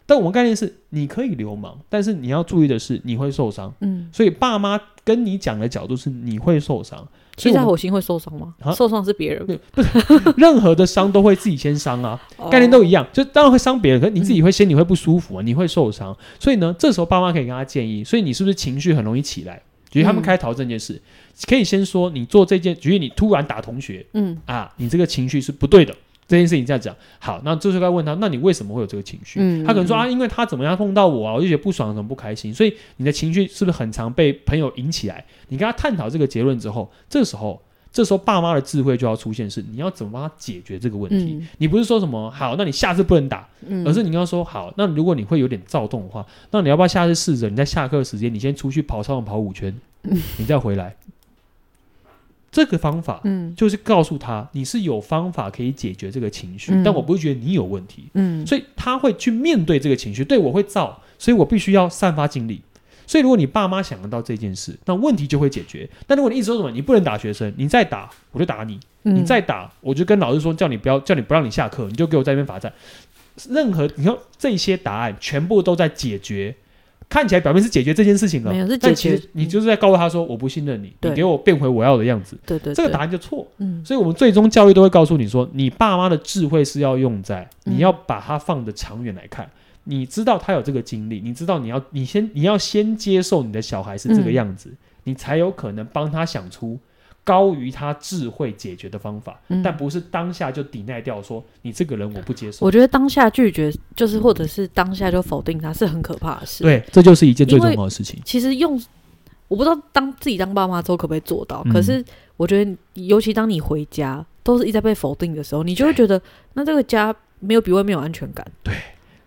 但我們概念是，你可以流氓，但是你要注意的是，你會受傷。嗯，所以爸媽跟你講的角度是，你會受傷。七煞火星會受傷嗎？啊、受傷是別人、嗯，不是任何的傷都會自己先傷啊。 概念都一樣，就當然會傷別人，可是你自己會心裡、嗯、會不舒服啊，你會受傷。所以呢，這時候爸媽可以跟他建議，所以你是不是情緒很容易起來？就他們開逃這件事。嗯。可以先說，你做這件，舉例你突然打同學，嗯啊，你這個情緒是不對的，這件事情這樣講。好，那這時候該問他，那你為什麼會有這個情緒、嗯？他可能說、嗯、啊，因為他怎麼樣碰到我啊，我就覺得不爽，怎麼不開心？所以你的情緒是不是很常被朋友引起來？你跟他探討這個結論之後，這時候這時候爸媽的智慧就要出現，是你要怎麼幫他解決這個問題？嗯、你不是說什麼好，那你下次不能打，嗯、而是你跟他說好，那如果你會有點躁動的話，那你要不要下次試着你在下課時間，你先出去跑操場跑五圈、嗯，你再回來。嗯這個方法，嗯，就是告訴他你是有方法可以解決這個情緒，嗯、但我不會覺得你有問題，嗯，所以他會去面對這個情緒，對我會燥，所以我必須要散發精力，所以如果你爸媽想得到這件事，那問題就會解決。但如果你一直說什麼，你不能打學生，你再打我就打你，你再打我就跟老師說叫你不要叫你不讓你下課，你就給我在那邊罰站。任何你看這些答案，全部都在解決。看起來表面是解決這件事情了，但其實你就是在告訴他說：“我不信任你，嗯、你給我變回我要的樣子。”對，對對，這個答案就錯。嗯，所以我們最終教育都會告訴你說：“你爸媽的智慧是要用在你要把它放的長遠來看、嗯，你知道他有這個精力，你知道你要你先你要先接受你的小孩是這個樣子，嗯、你才有可能幫他想出。”高於他智慧解決的方法，嗯，但不是當下就抵耐掉說，說你這個人我不接受。我覺得當下拒絕，就是或者是當下就否定他是很可怕的事。嗯、對，這就是一件最重要的事情。其實用我不知道當自己當爸媽之後可不可以做到，嗯，可是我覺得，尤其當你回家都是一直被否定的時候，你就會覺得那這個家沒有比外面有安全感。對。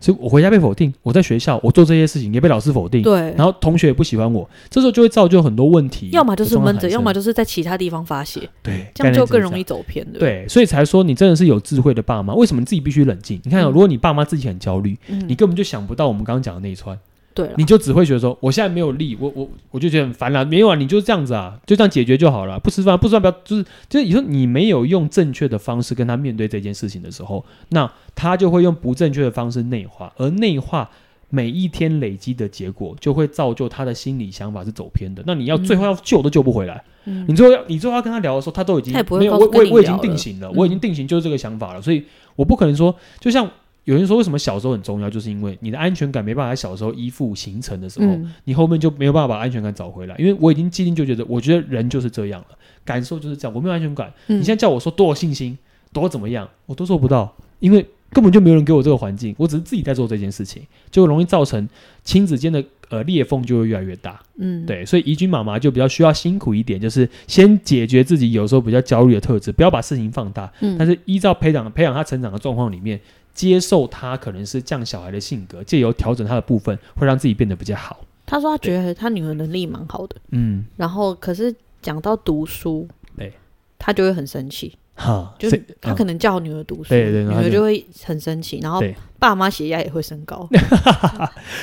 所以，我回家被否定；我在學校，我做這些事情也被老師否定。對，然後同學也不喜歡我，這時候就會造就很多問題。要麼就是悶着，要麼就是在其他地方發洩，嗯。對，這樣就更容易走偏，對，所以才說你真的是有智慧的爸媽。為什麼你自己必須冷靜？你看哦，嗯，如果你爸媽自己很焦慮，你根本就想不到我們剛剛講的那一串。嗯對，你就只會覺得說，我現在沒有力，我我我就覺得很煩了、啊。沒有啊，你就是這樣子啊，就這樣解決就好了、啊。不吃飯，不吃飯不要，就是就是你說你沒有用正確的方式跟他面對這件事情的時候，那他就會用不正確的方式內化，而內化每一天累積的結果，就會造就他的心理想法是走偏的。那你要最後要救都救不回來。嗯嗯、你最後要你最後要跟他聊的時候，他都已經沒有，我我我已經定型了，嗯、我已經定型就是這個想法了，所以我不可能說，就像。有人說為什麼小時候很重要？就是因為你的安全感沒辦法，小時候依附形成的時候、嗯，你後面就沒有辦法把安全感找回來。因為我已經既定就覺得，我覺得人就是這樣了，感受就是這樣，我沒有安全感、嗯。你現在叫我說多有信心，多怎麼樣，我都做不到，因為根本就沒有人給我這個環境，我只是自己在做這件事情，就容易造成親子間的呃裂縫就會越來越大。嗯，對，所以宜君媽媽就比較需要辛苦一點，就是先解決自己有時候比較焦慮的特質，不要把事情放大。嗯，但是依照培養培養他成長的狀況裡面。接受他可能是降小孩的性格，借由調整他的部分，會讓自己變得比較好。他說他覺得他女兒能力蠻好的，嗯，然後可是講到讀書，對，他就會很生氣，哈，就是、嗯、他可能叫女兒讀書，對對對女兒就會很生氣，然後爸媽血壓也會升高，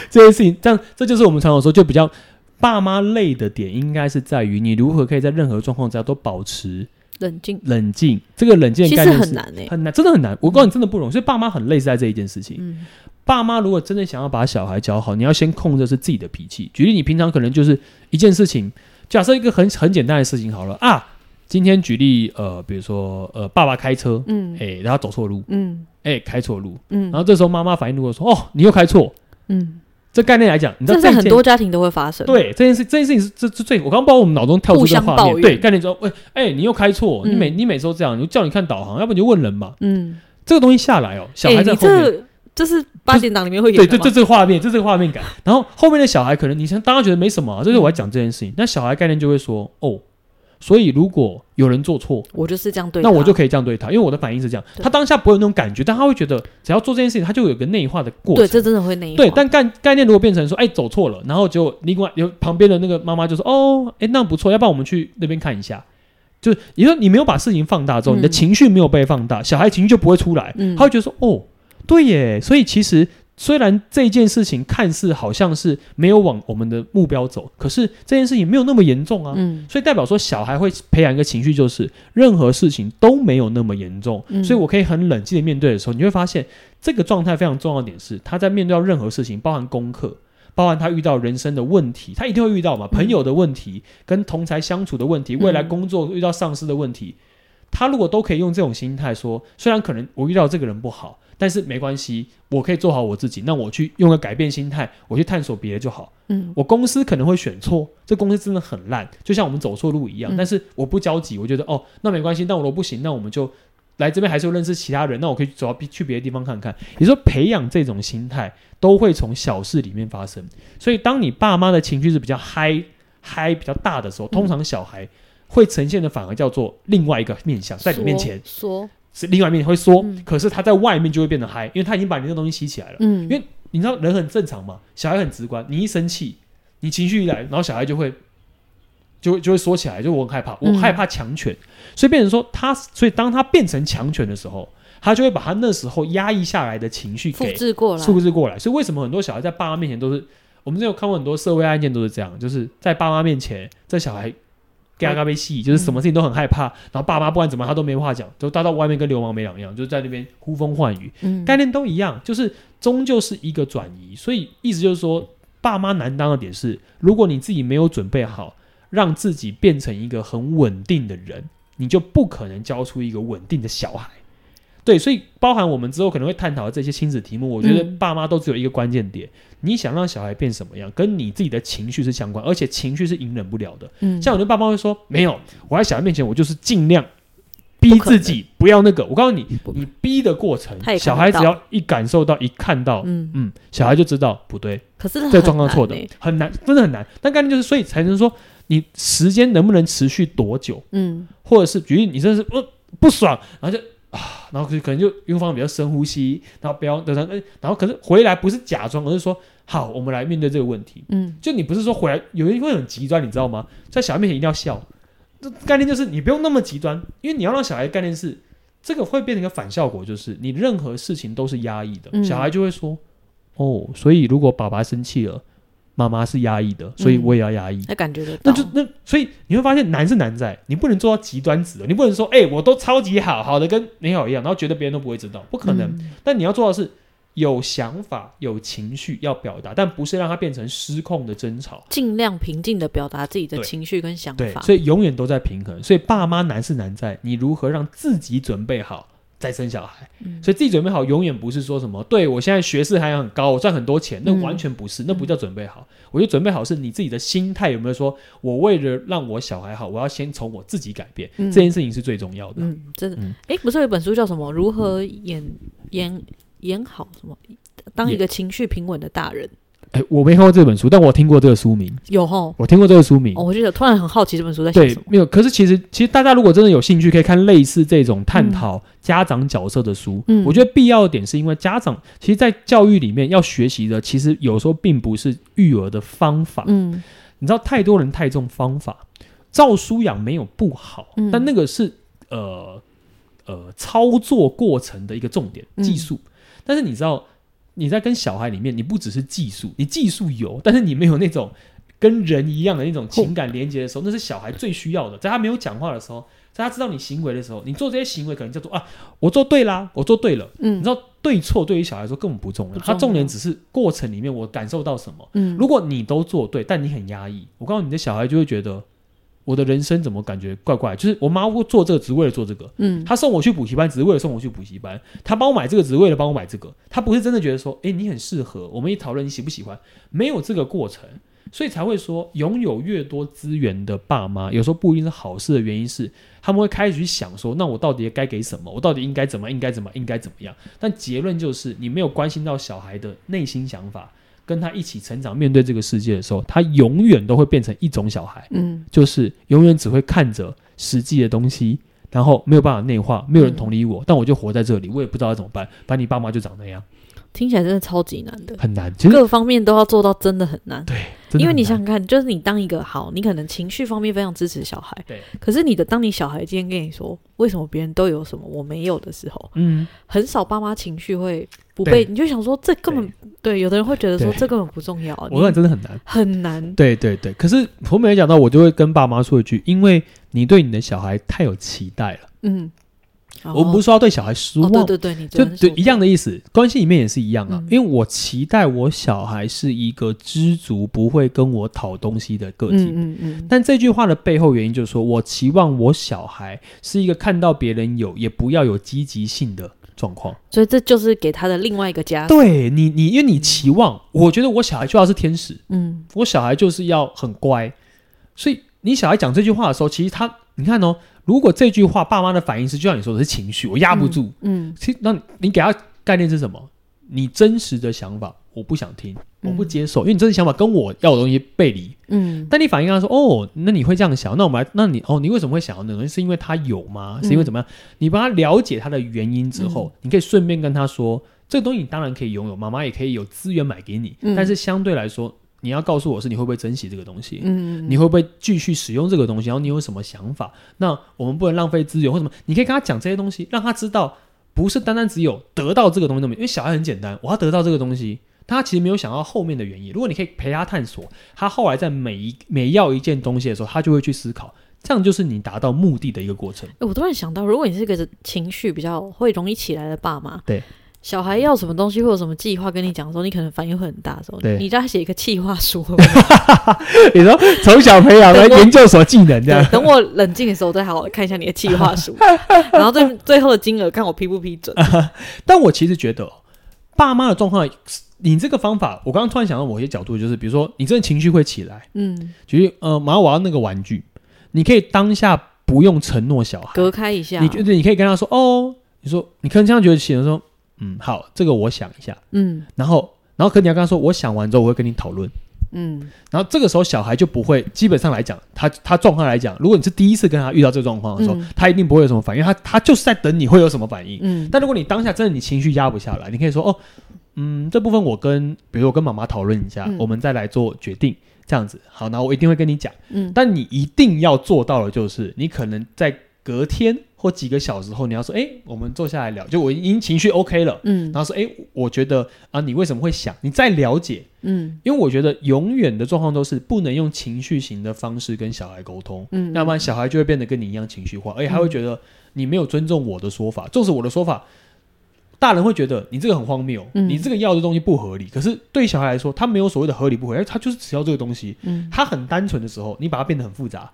這些事情， 這樣這就是我們常常說就比較爸媽累的點，應該是在於你如何可以在任何狀況下都保持。冷靜，冷靜，這個冷靜的概念是很難、欸、很難，真的很難。我告訴你，真的不容易、嗯。所以爸媽很累在這一件事情。嗯、爸媽如果真的想要把小孩教好，你要先控制是自己的脾氣。舉例，你平常可能就是一件事情，假設一個很很簡單的事情好了啊。今天舉例，呃，比如說，呃，爸爸開車，嗯，哎、欸，然後他走錯路，嗯，哎、欸，開錯路，嗯，然後這時候媽媽反應如果說，哦，你又開錯，嗯。這概念來講，你知道在很多家庭都會發生。對這件事，這件事情是這最我剛剛不知道我們腦中跳出這個畫面，對概念說、就是，喂，哎，你又開錯，嗯、你每你每次都這樣，你就叫你看導航，要不你就問人嘛。嗯，這個東西下來哦，小孩在後面。哎，你這，這是八點檔裡面會有、就是、對，這這這個畫面，這這個畫面感。然後後面的小孩可能你先，大家覺得沒什麼、啊，這是我在講這件事情、嗯。那小孩概念就會說，哦。所以，如果有人做錯，我就是這樣對，那我就可以這樣對他，因為我的反應是這樣。他當下不會有那種感覺，但他會覺得，只要做這件事情，他就有個內化的過程。對，這真的會內化。對，但概概念如果變成說，哎，走錯了，然後結果另外有旁邊的那個媽媽就說，哦，哎，那不錯，要不然我們去那邊看一下。就，就是你說你沒有把事情放大之後，嗯，你的情緒沒有被放大，小孩情緒就不會出來，嗯，他會覺得說，哦，對耶。所以其實。雖然這件事情看似好像是沒有往我們的目標走，可是這件事情沒有那麼嚴重啊、嗯。所以代表說小孩會培養一個情緒，就是任何事情都沒有那麼嚴重、嗯。所以我可以很冷靜的面對的時候，你會發現這個狀態非常重要的點是，他在面對到任何事情，包含功課，包含他遇到人生的問題，他一定會遇到嘛，朋友的問題，嗯、跟同儕相處的問題，未來工作遇到上司的問題、嗯，他如果都可以用這種心態說，雖然可能我遇到這個人不好。但是沒關係，我可以做好我自己。那我去用個改變心態，我去探索別的就好。嗯，我公司可能會選錯，這公司真的很爛，就像我們走錯路一樣、嗯。但是我不著急，我覺得哦，那沒關係。那我都不行，那我們就來這邊還是認識其他人。那我可以走到去別的地方看看。你說培養這種心態，都會從小事裡面發生。所以當你爸媽的情緒是比較嗨嗨、嗯、比較大的時候，通常小孩會呈現的反而叫做另外一個面向在你面前說。說是另外一面，你會說、嗯，可是他在外面就會變得嗨，因為他已經把你的東西吸起來了。嗯、因為你知道人很正常嘛，小孩很直觀。你一生氣，你情緒一來，然後小孩就會，就會就會說起來，就我很害怕，我害怕強權、嗯，所以變成說他，所以當他變成強權的時候，他就會把他那時候壓抑下來的情緒給複製過來，複製過來。所以為什麼很多小孩在爸媽面前都是，我們這有看過很多社會案件都是這樣，就是在爸媽面前，在小孩。給他被吸引，就是什麼事情都很害怕，嗯、然後爸媽不管怎麼，他都沒話講，就搭到外面跟流氓沒兩樣，就是在那邊呼風喚雨，嗯，概念都一樣，就是終究是一個轉移，所以意思就是說，爸媽難當的點是，如果你自己沒有準備好，讓自己變成一個很穩定的人，你就不可能教出一個穩定的小孩。對，所以包含我們之後可能會探討的這些親子題目，我覺得爸媽都只有一個關鍵點、嗯：你想讓小孩變什麼樣，跟你自己的情緒是相關，而且情緒是隱忍不了的。嗯、像有的爸媽會說：“沒有，我在小孩面前，我就是儘量逼自己不，不要那個。”我告訴你，你逼的過程，小孩只要一感受到、一看到，嗯，嗯小孩就知道不對，可是這、欸、這狀況錯的，很難，真的很難。但概念就是，所以才能說，你時間能不能持續多久？嗯，或者是舉例，你真的是不、嗯、不爽，然後就。啊，然後可可能就用方法比較深呼吸，然後不要等等，然後可是回來不是假裝，而是說好，我們來面對這個問題。嗯，就你不是說回來有人會很極端，你知道嗎？在小孩面前一定要笑，這概念就是你不用那麼極端，因為你要讓小孩概念是這個會變成一個反效果，就是你任何事情都是壓抑的，嗯、小孩就會說哦，所以如果爸爸生氣了。媽媽是壓抑的，所以我也要壓抑，那、嗯、感覺的，那就那，所以你會發現難是難在你不能做到極端子。你不能說哎、欸，我都超級好好的跟你好一樣，然後覺得別人都不會知道，不可能。嗯、但你要做的是有想法、有情緒要表達，但不是讓它變成失控的爭吵，盡量平靜的表達自己的情緒跟想法。對，所以永遠都在平衡。所以爸媽難是難在你如何讓自己準備好，再生小孩，所以自己準備好永遠不是說什麼。嗯、對，我現在學識還很高，我賺很多錢，那完全不是，嗯、那不叫準備好。我覺得準備好是你自己的心態有沒有說，說我為了讓我小孩好，我要先從我自己改變，嗯，這件事情是最重要的。嗯，真的。誒、嗯欸，不是有一本書叫什麼？如何演、嗯、演演好什麼？當一個情緒平穩的大人。Yeah. 誒，我沒看過這本書，但我聽過這個書名，有吼、哦，我聽過這個書名。哦，我覺得突然很好奇這本書在寫什麼？對，沒有。可是其實，其實大家如果真的有興趣，可以看類似這種探討家長角色的書。嗯，我覺得必要的點是因為家長，其實，在教育裡面要學習的，其實有時候並不是育兒的方法。嗯，你知道，太多人太重方法，照書養，沒有不好。嗯。但那個是呃呃操作過程的一個重點技術。嗯。但是你知道。你在跟小孩裡面，你不只是技術，你技術有，但是你沒有那種跟人一樣的那種情感連接的時候，哦、那是小孩最需要的。在他沒有講話的時候，在他知道你行為的時候，你做這些行為可能叫做啊，我做對啦，我做對了。嗯，你知道對錯對於小孩來說根本不重，不重要，他重點只是過程裡面我感受到什麼。嗯，如果你都做對，但你很壓抑，我告訴你的小孩就會覺得。我的人生怎麼感覺怪怪？就是我媽會做這個，只為了做這個。嗯，她送我去補習班，只是為了送我去補習班。她幫我買這個，只為了幫我買這個。她不是真的覺得說，哎，你很適合。我們一討論你喜不喜歡，沒有這個過程，所以才會說，擁有越多資源的爸媽，有時候不一定是好事的原因是，他們會開始去想說，那我到底該給什麼？我到底應該怎麼，應該怎麼，應該怎麼樣？但結論就是，你沒有關心到小孩的內心想法。跟他一起成長，面對這個世界的時候，他永遠都會變成一種小孩，嗯，就是永遠只會看着實際的東西，然後沒有辦法內化，沒有人同理我、嗯，但我就活在這裡，我也不知道要怎麼辦。反正你爸媽就長那樣，聽起來真的超級難的，很難，就是、各方面都要做到真的很難，對，因為你想想看，就是你當一個好，你可能情緒方面非常支持小孩，對，可是你的當你小孩今天跟你說，為什麼別人都有什麼我沒有的時候，嗯，很少爸媽情緒會。不被，你就想說這根本對，對，有的人會覺得說這根本不重要。你我個人真的很難，很難。對對對，可是我每面講到，我就會跟爸媽說一句，因為你對你的小孩太有期待了。嗯，哦、我不是說要對小孩失望，哦、對，對對，你就對一樣的意思。關係裡面也是一樣啊、嗯，因為我期待我小孩是一個知足，不會跟我討東西的個體。嗯嗯，嗯嗯。但這句話的背後原因就是說我期望我小孩是一個看到別人有也不要有積極性的。狀況，所以這就是給他的另外一個家。對你，你因為你期望、嗯，我覺得我小孩就要是天使，嗯，我小孩就是要很乖，所以你小孩講這句話的時候，其實他，你看哦、喔，如果這句話爸媽的反應是，就像你說的是情緒，我壓不住，嗯，其實那你，你給他概念是什麼？你真實的想法。我不想聽、嗯，我不接受，因為你這些想法跟我要的東西背離。嗯，但你反應他說：“哦，那你會這樣想？那我們來，那你哦，你為什麼會想要那東西？是因為他有嗎？是因為怎麼樣？嗯、你幫他了解他的原因之後，嗯、你可以順便跟他說：這個東西你當然可以擁有，媽媽也可以有資源買給你、嗯。但是相對來說，你要告訴我是你會不會珍惜這個東西？嗯，你會不會繼續使用這個東西？然後你有什麼想法？那我們不能浪費資源，或什麼？你可以跟他講這些東西，讓他知道，不是單單只有得到這個東西那麼，因為小孩很簡單，我要得到這個東西。他其實沒有想到後面的原因。如果你可以陪他探索，他後來在每一每要一件東西的時候，他就會去思考。這樣就是你達到目的的一個過程。哎、欸，我突然想到，如果你是一個情緒比較會容易起來的爸媽，對小孩要什麼東西或者什麼計劃跟你講的時候，你可能反應會很大的時候，對你讓他寫一個計劃書有沒有， 你說從小培養來研究所技能這樣。等我，等我冷靜的時候，我再好好看一下你的計劃書，啊、然後最最後的金額、啊、看我批不批准。啊、但我其實覺得爸媽的狀況。你這個方法，我剛剛突然想到某些角度，就是比如說，你真的情緒會起來，嗯，就是呃，媽媽，我要那個玩具，你可以當下不用承諾小孩，隔開一下，你覺得你可以跟他說，哦，你說，你可能這樣覺得起來，的時候說，嗯，好，這個我想一下，嗯，然後，然後可能你要跟他說，我想完之後我會跟你討論。嗯，然後這個時候小孩就不會，基本上來講，他他狀況來講，如果你是第一次跟他遇到這個狀況的時候，嗯，他一定不會有什麼反應，他他就是在等你會有什麼反應。嗯，但如果你當下真的你情緒壓不下來，你可以說哦，嗯，這部分我跟，比如說我跟媽媽討論一下，嗯，我們再來做決定，這樣子，好，那我一定會跟你講。嗯，但你一定要做到的就是，你可能在隔天。或幾個小時後，你要說，哎、欸，我們坐下來聊，就我已經情緒 OK 了，嗯，然後說，哎、欸，我覺得啊，你為什麼會想？你再了解，嗯，因為我覺得永遠的狀況都是不能用情緒型的方式跟小孩溝通，嗯，要不然小孩就會變得跟你一樣情緒化，而且他會覺得你沒有尊重我的說法。嗯、重視我的說法，大人會覺得你這個很荒謬，你這個要的東西不合理，嗯。可是對小孩來說，他沒有所謂的合理不合理，他就是只要這個東西，嗯、他很單純的時候，你把它變得很複雜。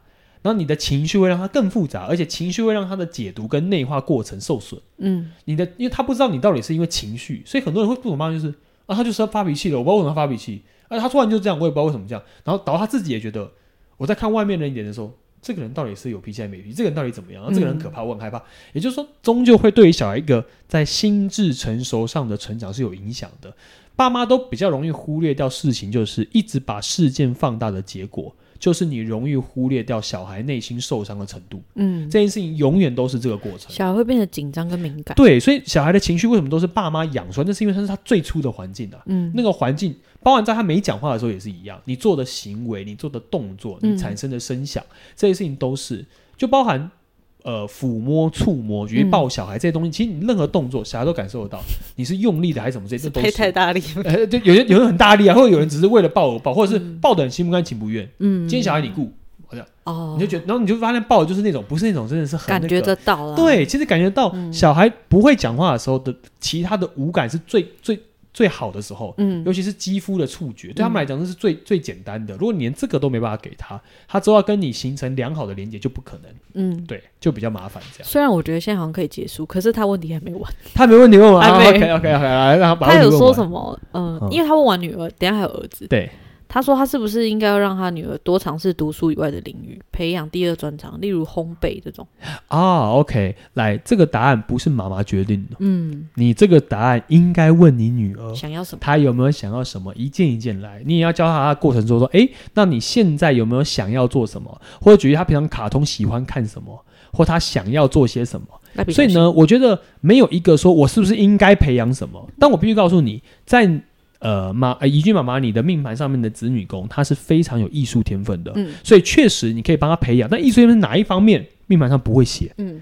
然後你的情緒會讓他更複雜，而且情緒會讓他的解讀跟內化過程受損。嗯，你的因為他不知道你到底是因為情緒，所以很多人會不懂嘛，就是啊，他就是要發脾氣了，我不知道為什麼發脾氣，哎、啊，他突然就這樣，我也不知道為什麼這樣。然後導致他自己也覺得我在看外面的人臉的時候，這個人到底是有脾氣還沒脾氣？這個人到底怎麼樣？這個人可怕、嗯，我很害怕。也就是說，終究會對於小孩一個在心智成熟上的成長是有影響的。爸媽都比較容易忽略掉事情，就是一直把事件放大的結果。就是你容易忽略掉小孩內心受傷的程度，嗯，這件事情永遠都是這個過程，小孩會變得緊張跟敏感，對，所以小孩的情緒為什麼都是爸媽養出來？那是因為他是他最初的環境的，啊，嗯，那個環境包含在他沒講話的時候也是一樣，你做的行為、你做的動作、你產生的聲響，嗯，這些事情都是就包含。呃，撫摸、觸摸，比如抱小孩這些東西、嗯，其實你任何動作，小孩都感受得到。你是用力的還是怎麼這些？這不太大力了。呃，就有些有人很大力啊，或者有人只是為了抱而抱、嗯，或者是抱得很心不甘情不願。嗯，今天小孩你顧好像哦，你就覺得，然後你就發現抱的就是那種，不是那種真的是很、那個。感覺得到了。對，其實感覺到小孩不會講話的時候的、嗯、其他的五感是最最。最好的時候，嗯，尤其是肌膚的觸覺，對他們來講這是最、嗯、最，最簡單的。如果你連這個都沒辦法給他，他就要跟你形成良好的連接就不可能，嗯，對，就比較麻煩這樣。雖然我覺得現在好像可以結束，可是他問題還沒完，他沒問題問我，問、啊、完、啊啊、，OK OK OK，、嗯、讓他把。他有說什麼？嗯、呃，因為他問完女兒，嗯、等一下還有兒子，對。他說：“他是不是應該要讓他女兒多嘗試讀書以外的領域，培養第二專長，例如烘焙這種？”啊，OK，來，這個答案不是媽媽決定的。嗯，你這個答案應該問你女兒想要什麼，他有沒有想要什麼，一件一件來。你也要教他的過程中說：“哎、欸，那你現在有沒有想要做什麼？或者舉例他平常卡通喜歡看什麼，或他想要做些什麼？”啊、所以呢、啊，我覺得沒有一個說我是不是應該培養什麼、嗯，但我必須告訴你，在。呃，媽，呃，宜君媽媽，你的命盤上面的子女宮，他是非常有藝術天分的，嗯，所以確實你可以幫他培養，但藝術天分哪一方面，命盤上不會寫。嗯，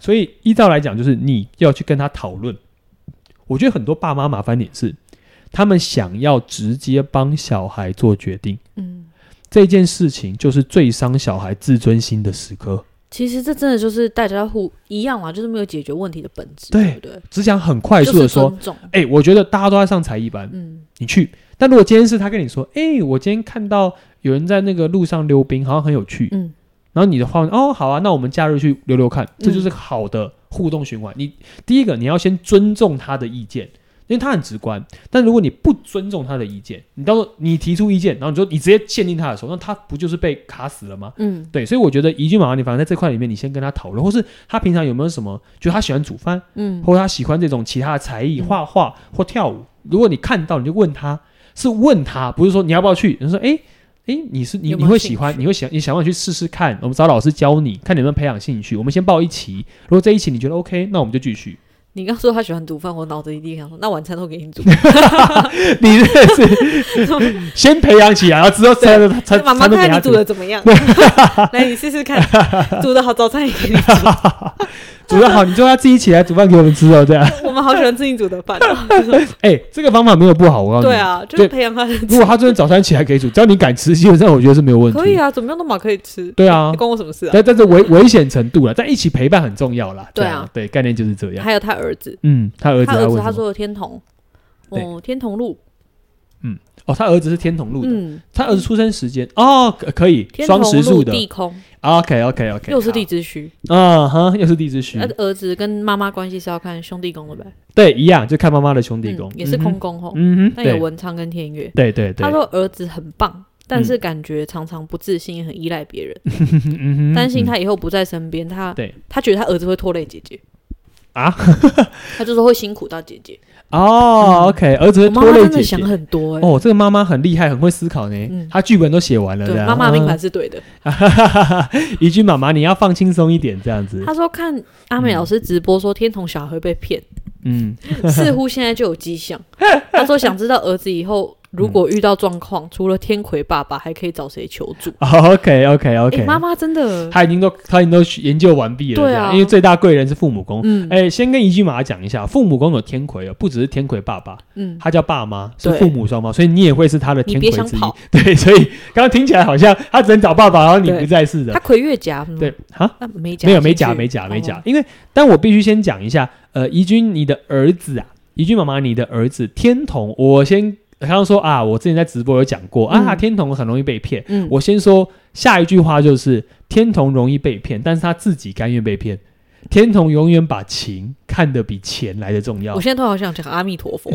所以依照來講，就是你要去跟他討論。我覺得很多爸媽麻煩點是，他們想要直接幫小孩做決定，嗯，這件事情就是最傷小孩自尊心的時刻。其實這真的就是大家互一樣嘛、啊，就是沒有解決問題的本質。對對，對，只想很快速的說，哎、就是欸，我覺得大家都在上才藝班，嗯，你去。但如果今天是他跟你說，哎、欸，我今天看到有人在那個路上溜冰，好像很有趣，嗯，然後你的話，哦，好啊，那我們假日去溜溜看，這就是好的互動循環、嗯。你第一個，你要先尊重他的意見。因為他很直觀，但如果你不尊重他的意見，你到時候你提出意見，然後你說你直接限定他的時候，那他不就是被卡死了嗎？嗯，對，所以我覺得一句嘛，你反正在這塊裡面，你先跟他討論，或是他平常有沒有什麼，就他喜歡煮飯，嗯，或者他喜歡這種其他的才藝，嗯、畫畫或跳舞。如果你看到，你就問他是問他，不是說你要不要去？人、就是、說，哎哎，你是你有有你會喜歡，你會想你想不想去試試看？我們找老師教你看你能不能培養興趣？我們先報一期，如果這一期你覺得 OK，那我們就繼續。你剛說他喜歡煮飯，我腦子一定想說那晚餐都給你煮。 你認是識 先培養起來，然後之後餐餐餐媽媽看你煮的怎麼樣？ 來，你試試看， 煮得好，早餐也給你煮。 煮得好，你就要自己起來煮飯給我們吃哦、喔，這樣。我們好喜歡自己煮的飯、啊。哎、 欸，這個方法沒有不好，我告訴你。對啊，就是培養他的吃。如果他真的早餐起來可以煮，只要你敢吃，基本上我覺得是沒有問題。可以啊，怎麼樣都馬可以吃。對啊，欸、關我什麼事啊？但但是危危險程度了，在一起陪伴很重要啦。對啊，對，概念就是這樣。還有他。兒子，嗯，他兒子，他兒子，他說的天同，哦，天同祿，嗯，哦，他兒子是天同祿的、嗯，他兒子出生時間、嗯，哦，可以，天同祿的地空，OK OK OK，又是地支戌。嗯，哈、uh -huh,，又是地支戌。他、啊、的兒子跟媽媽關係是要看兄弟宮的唄，對，一樣就看媽媽的兄弟宮、嗯，也是空宮吼，嗯哼，但有文昌跟天月，對、嗯、對，他說兒子很棒，但是感覺常常不自信，嗯、很依賴別人，擔、 嗯、心他以後不在身邊、嗯，他對，他覺得他兒子會拖累姐姐。啊， 他就說會辛苦到姐姐哦、嗯。OK，兒子會拖累姐姐，媽媽真的想很多哎、欸。哦，這個媽媽很厲害，很會思考呢、嗯。他劇本都寫完了，對，媽媽命盤是對的。一句媽媽，你要放輕鬆一點，這樣子。他說看阿美老師直播說、嗯、天同小孩被騙，嗯， 似乎現在就有跡象。 他說想知道兒子以後。 如果遇到狀況、嗯，除了天魁爸爸，還可以找誰求助、oh,？OK OK OK、欸。媽媽真的，他已經都他已經都研究完畢了。對啊，因為最大貴人是父母宮。嗯，哎、欸，先跟怡君媽講一下，父母宮有天魁哦、喔，不只是天魁爸爸，嗯，他叫爸媽，是父母雙方，所以你也會是他的天魁之一。對，所以剛剛聽起來好像他只能找爸爸，然後你不在世的。他魁月夾對，哈沒,沒有沒夾沒夾沒夾、哦，因為但我必須先講一下，呃，怡君你的兒子啊，怡君媽媽你的兒子天童，我先。好像說啊，我之前在直播有講過、嗯、啊，天同很容易被騙、嗯。我先說下一句話，就是天同容易被騙，但是他自己甘願被騙。天同永遠把情看得比錢來的重要。我現在突然好想講阿彌陀佛，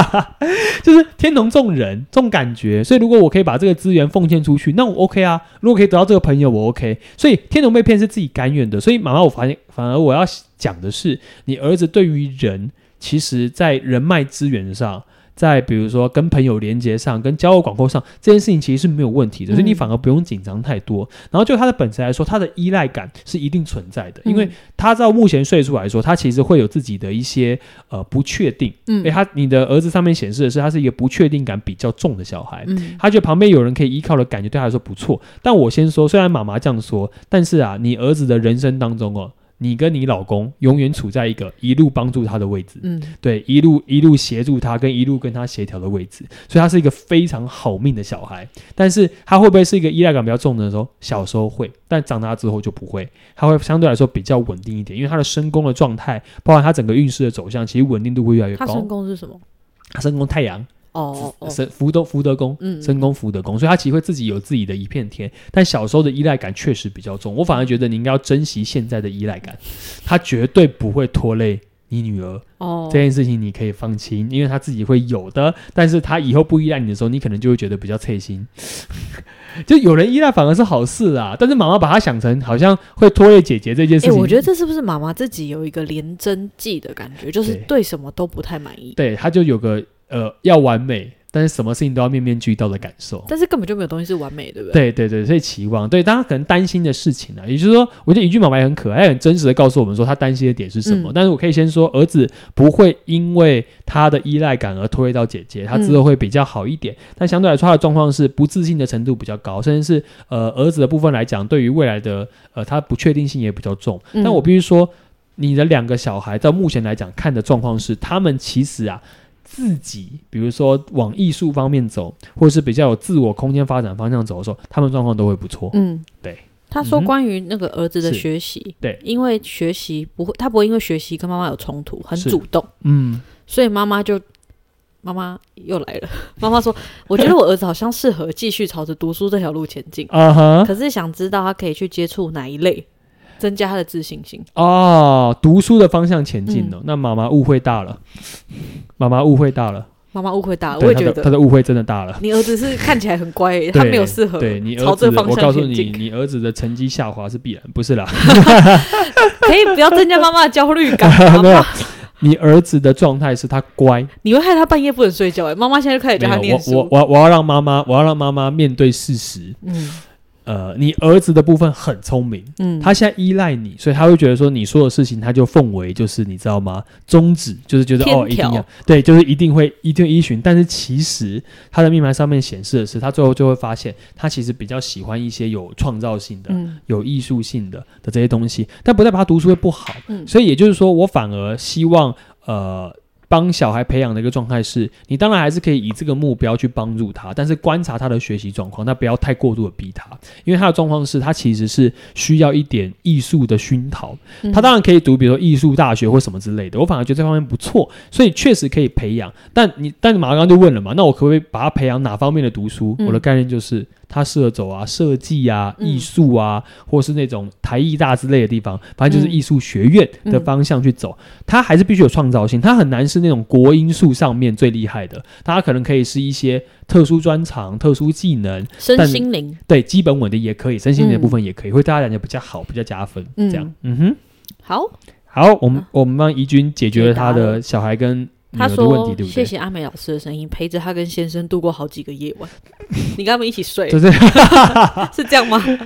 就是天同重人、重感覺。所以如果我可以把這個資源奉獻出去，那我 OK 啊。如果可以得到這個朋友，我 OK。所以天同被騙是自己甘願的。所以媽媽，我發現反而我要講的是，你兒子對於人，其實在人脈資源上。在比如說跟朋友連接上，跟交友廣闊上這件事情其實是沒有問題的，嗯、所以你反而不用緊張太多。然後就他的本質來說，他的依賴感是一定存在的，嗯、因為他照目前歲數來說，他其實會有自己的一些呃不確定。嗯、欸，他你的兒子上面顯示的是他是一個不確定感比較重的小孩，嗯，他覺得旁邊有人可以依靠的感覺對他來說不錯。但我先說，雖然媽媽這樣說，但是啊，你兒子的人生當中哦、啊。你跟你老公永遠處在一個一路幫助他的位置，嗯，對，一路一路協助他，跟一路跟他協調的位置，所以他是一個非常好命的小孩。但是他會不會是一個依賴感比較重的的時候？小時候會，但長大之後就不會。他會相對來說比較穩定一點，因為他的身宮的狀態，包含他整個運勢的走向，其實穩定度會越來越高。他身宮是什麼？他身宮太陽。哦、oh, oh.，福德福德宮，嗯，身宮福德宮、嗯，所以他其實會自己有自己的一片天，但小時候的依賴感確實比較重。我反而覺得你應該要珍惜現在的依賴感，他絕對不會拖累你女兒。哦、oh.，這件事情你可以放心，因為他自己會有的。但是他以後不依賴你的時候，你可能就會覺得比較操心。 就有人依賴反而是好事啊，但是媽媽把他想成好像會拖累姐姐這件事情，欸、我覺得這是不是媽媽自己有一個廉貞忌的感覺，就是對什麼都不太滿意，對,對他就有個。呃，要完美，但是什麼事情都要面面俱到的感受。但是根本就沒有東西是完美，對不對？對對對，所以期望對，大家可能擔心的事情呢，啊，也就是說，我覺得一句媽媽也很可愛，很真實的告訴我們說他擔心的點是什麼，嗯。但是我可以先說，兒子不會因為他的依賴感而拖累到姐姐，他之後會比較好一點。嗯，但相對來說，他的狀況是不自信的程度比較高，甚至是呃，兒子的部分來講，對於未來的呃，他不確定性也比較重，嗯。但我必須說，你的兩個小孩到目前來講看的狀況是，他們其實啊。自己，比如說往藝術方面走，或者是比較有自我空間發展方向走的時候，他們狀況都會不錯。嗯，對。他說關於那個兒子的學習，對、嗯，因為學習不會，他不會因為學習跟媽媽有衝突，很主動。嗯，所以媽媽就，媽媽又來了。媽媽說：“ 我覺得我兒子好像適合繼續朝着讀書這條路前進。啊、uh-huh. 可是想知道他可以去接觸哪一類。”增加他的自信心哦，讀書的方向前進哦、嗯。那媽媽誤會大了，媽媽誤會大了，媽媽誤會大了。我也覺得他的誤會真的大了。你兒子是看起來很乖、欸， 他沒有適合朝這個方向前進，對你兒子的，我告訴你，你兒子的成績下滑是必然，不是啦。可 以、 欸、不要增加媽媽的焦慮感 媽媽 沒有，你兒子的狀態是他乖，你會害他半夜不能睡覺哎、欸。媽媽現在就開始叫他念書，我我我要讓媽媽，我要讓媽媽面對事實。嗯。呃，你兒子的部分很聰明，嗯，他現在依賴你，所以他會覺得說你說的事情，他就奉為就是你知道嗎？宗旨就是覺得哦一定要對，就是一定會一定會依循。但是其實他的命盤上面顯示的是，他最後就會發現，他其實比較喜歡一些有創造性的、嗯、有藝術性的的這些東西，但不代表他讀書會不好。嗯、所以也就是說，我反而希望呃。幫小孩培養的一個狀態是，你當然還是可以以這個目標去幫助他，但是觀察他的學習狀況，那不要太過度的逼他，因為他的狀況是，他其實是需要一點藝術的熏陶，嗯，他當然可以讀，比如說藝術大學或什麼之類的，我反而覺得這方面不錯，所以確實可以培養。但你，但你馬剛剛就問了嘛，那我可不可以把他培養哪方面的讀書？嗯、我的概念就是。他適合走啊設計啊藝術啊、嗯，或是那種台藝大之類的地方，反正就是藝術學院的方向去走。他，嗯嗯、還是必須有創造性，他很難是那種國英數上面最厲害的。他可能可以是一些特殊專長、特殊技能，身心靈對基本穩定也可以，身心靈的部分也可以，會大家感覺比較好，比較加分。嗯，這樣，嗯哼，好，好，我們我們幫怡君解決了他的小孩跟。他說：“謝謝阿美老師的聲音，陪着他跟先生度過好幾個夜晚。 你跟他們一起睡， 是這樣嗎？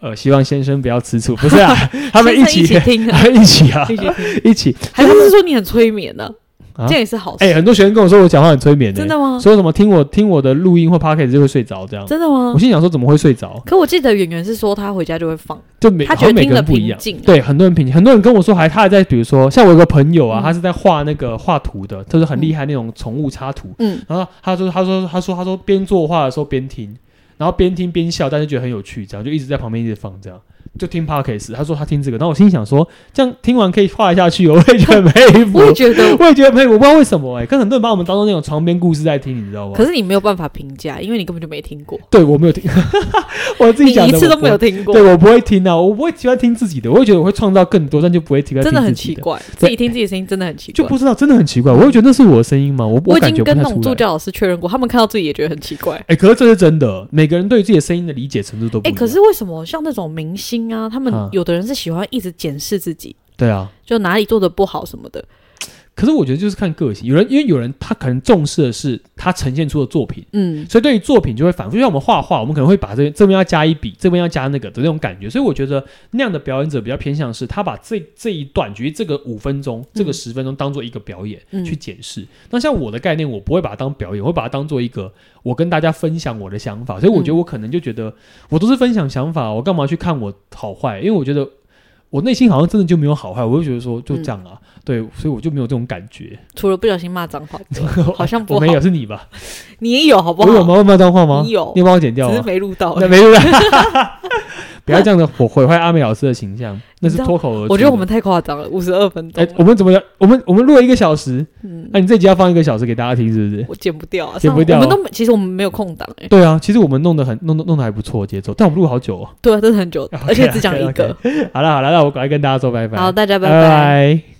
呃，希望先生不要吃醋。不是啊， 他們一起， 一起聽啊， 一起啊， 一起聽， 還是，是說你很催眠呢、啊？” 啊、這也是好事，哎、欸，很多學生跟我說我講話很催眠的、欸，真的嗎？所以什麼聽我聽我的錄音或 Podcast 就會睡着，這樣真的嗎？我心裡想說怎麼會睡着？可我記得演員是說他回家就會放，就每他覺得聽、啊、好像每個人不一樣，對，很多人平靜，很多人跟我說還他還在，比如說像我有個朋友啊，嗯、他是在畫那個畫圖的，他、就是很厲害那種寵物插圖，嗯，然後他說他說他說他說邊做畫的時候邊聽，然後邊聽邊笑，但是覺得很有趣，這樣就一直在旁邊一直放這樣。就聽 podcast，他說他聽這個，然後我心想說，這樣聽完可以畫下去，我會覺得很佩服。 我也覺得，我也覺得佩服。我不知道為什麼、欸，哎，可能很多人把我們當做那種床邊故事在聽，你知道嗎？可是你沒有辦法評價，因為你根本就沒聽過。對我沒有聽， 我自己講的，你一次都沒有聽過。我對我不會聽啊，我不會喜歡聽自己的，我會覺得我會創造更多，但就不會聽自己的。真的很奇怪，自己聽自己的聲音真的很奇怪，欸、就不知道真的很奇怪。我會覺得那是我的聲音嗎我？我已經跟那種助教老師確認過，他們看到自己也覺得很奇怪。哎、欸，可是這是真的，每個人對於自己的聲音的理解程度都不一樣。哎、欸，可是為什麼像那種明星？啊，他們有的人是喜歡一直檢視自己，啊，對啊，就哪裡做的不好什麼的。可是我覺得就是看個性，有人因為有人他可能重視的是他呈現出的作品，嗯，所以對於作品就會反覆，就像我們畫畫，我們可能會把這這邊要加一筆，這邊要加那個的那種感覺，所以我覺得那樣的表演者比較偏向是他把這這一段，距離這個五分鐘、嗯、這個十分鐘當做一個表演、嗯、去解釋。那像我的概念，我不會把它當表演，我會把它當做一個我跟大家分享我的想法，所以我覺得我可能就覺得、嗯、我都是分享想法，我幹嘛去看我好壞？因為我覺得。我內心好像真的就沒有好壞，我就覺得說就這樣啊、嗯，對，所以我就沒有這種感覺。除了不小心罵髒話， 好像不好。我沒有，是你吧？你也有，好不好？我有嗎？會罵髒話嗎？你有，你幫我剪掉。只是沒錄到，okay. 沒錄到。 不要這樣的毀毀壞阿美老師的形象，那是脫口而出。我覺得我們太誇張了，五十二分鐘、欸。我們怎麼樣？我們我們錄了一個小時，嗯，那、啊、你這集要放一個小時給大家聽，是不是？我剪不掉啊，剪不掉、哦。我們都沒其實我們沒有空檔、欸。對啊，其實我們弄得很弄弄得還不錯的節奏，但我們錄好久啊、哦。對啊，真的很久，而且只講一個。好啦好啦，那我趕快跟大家說拜拜。好，大家拜拜。Bye bye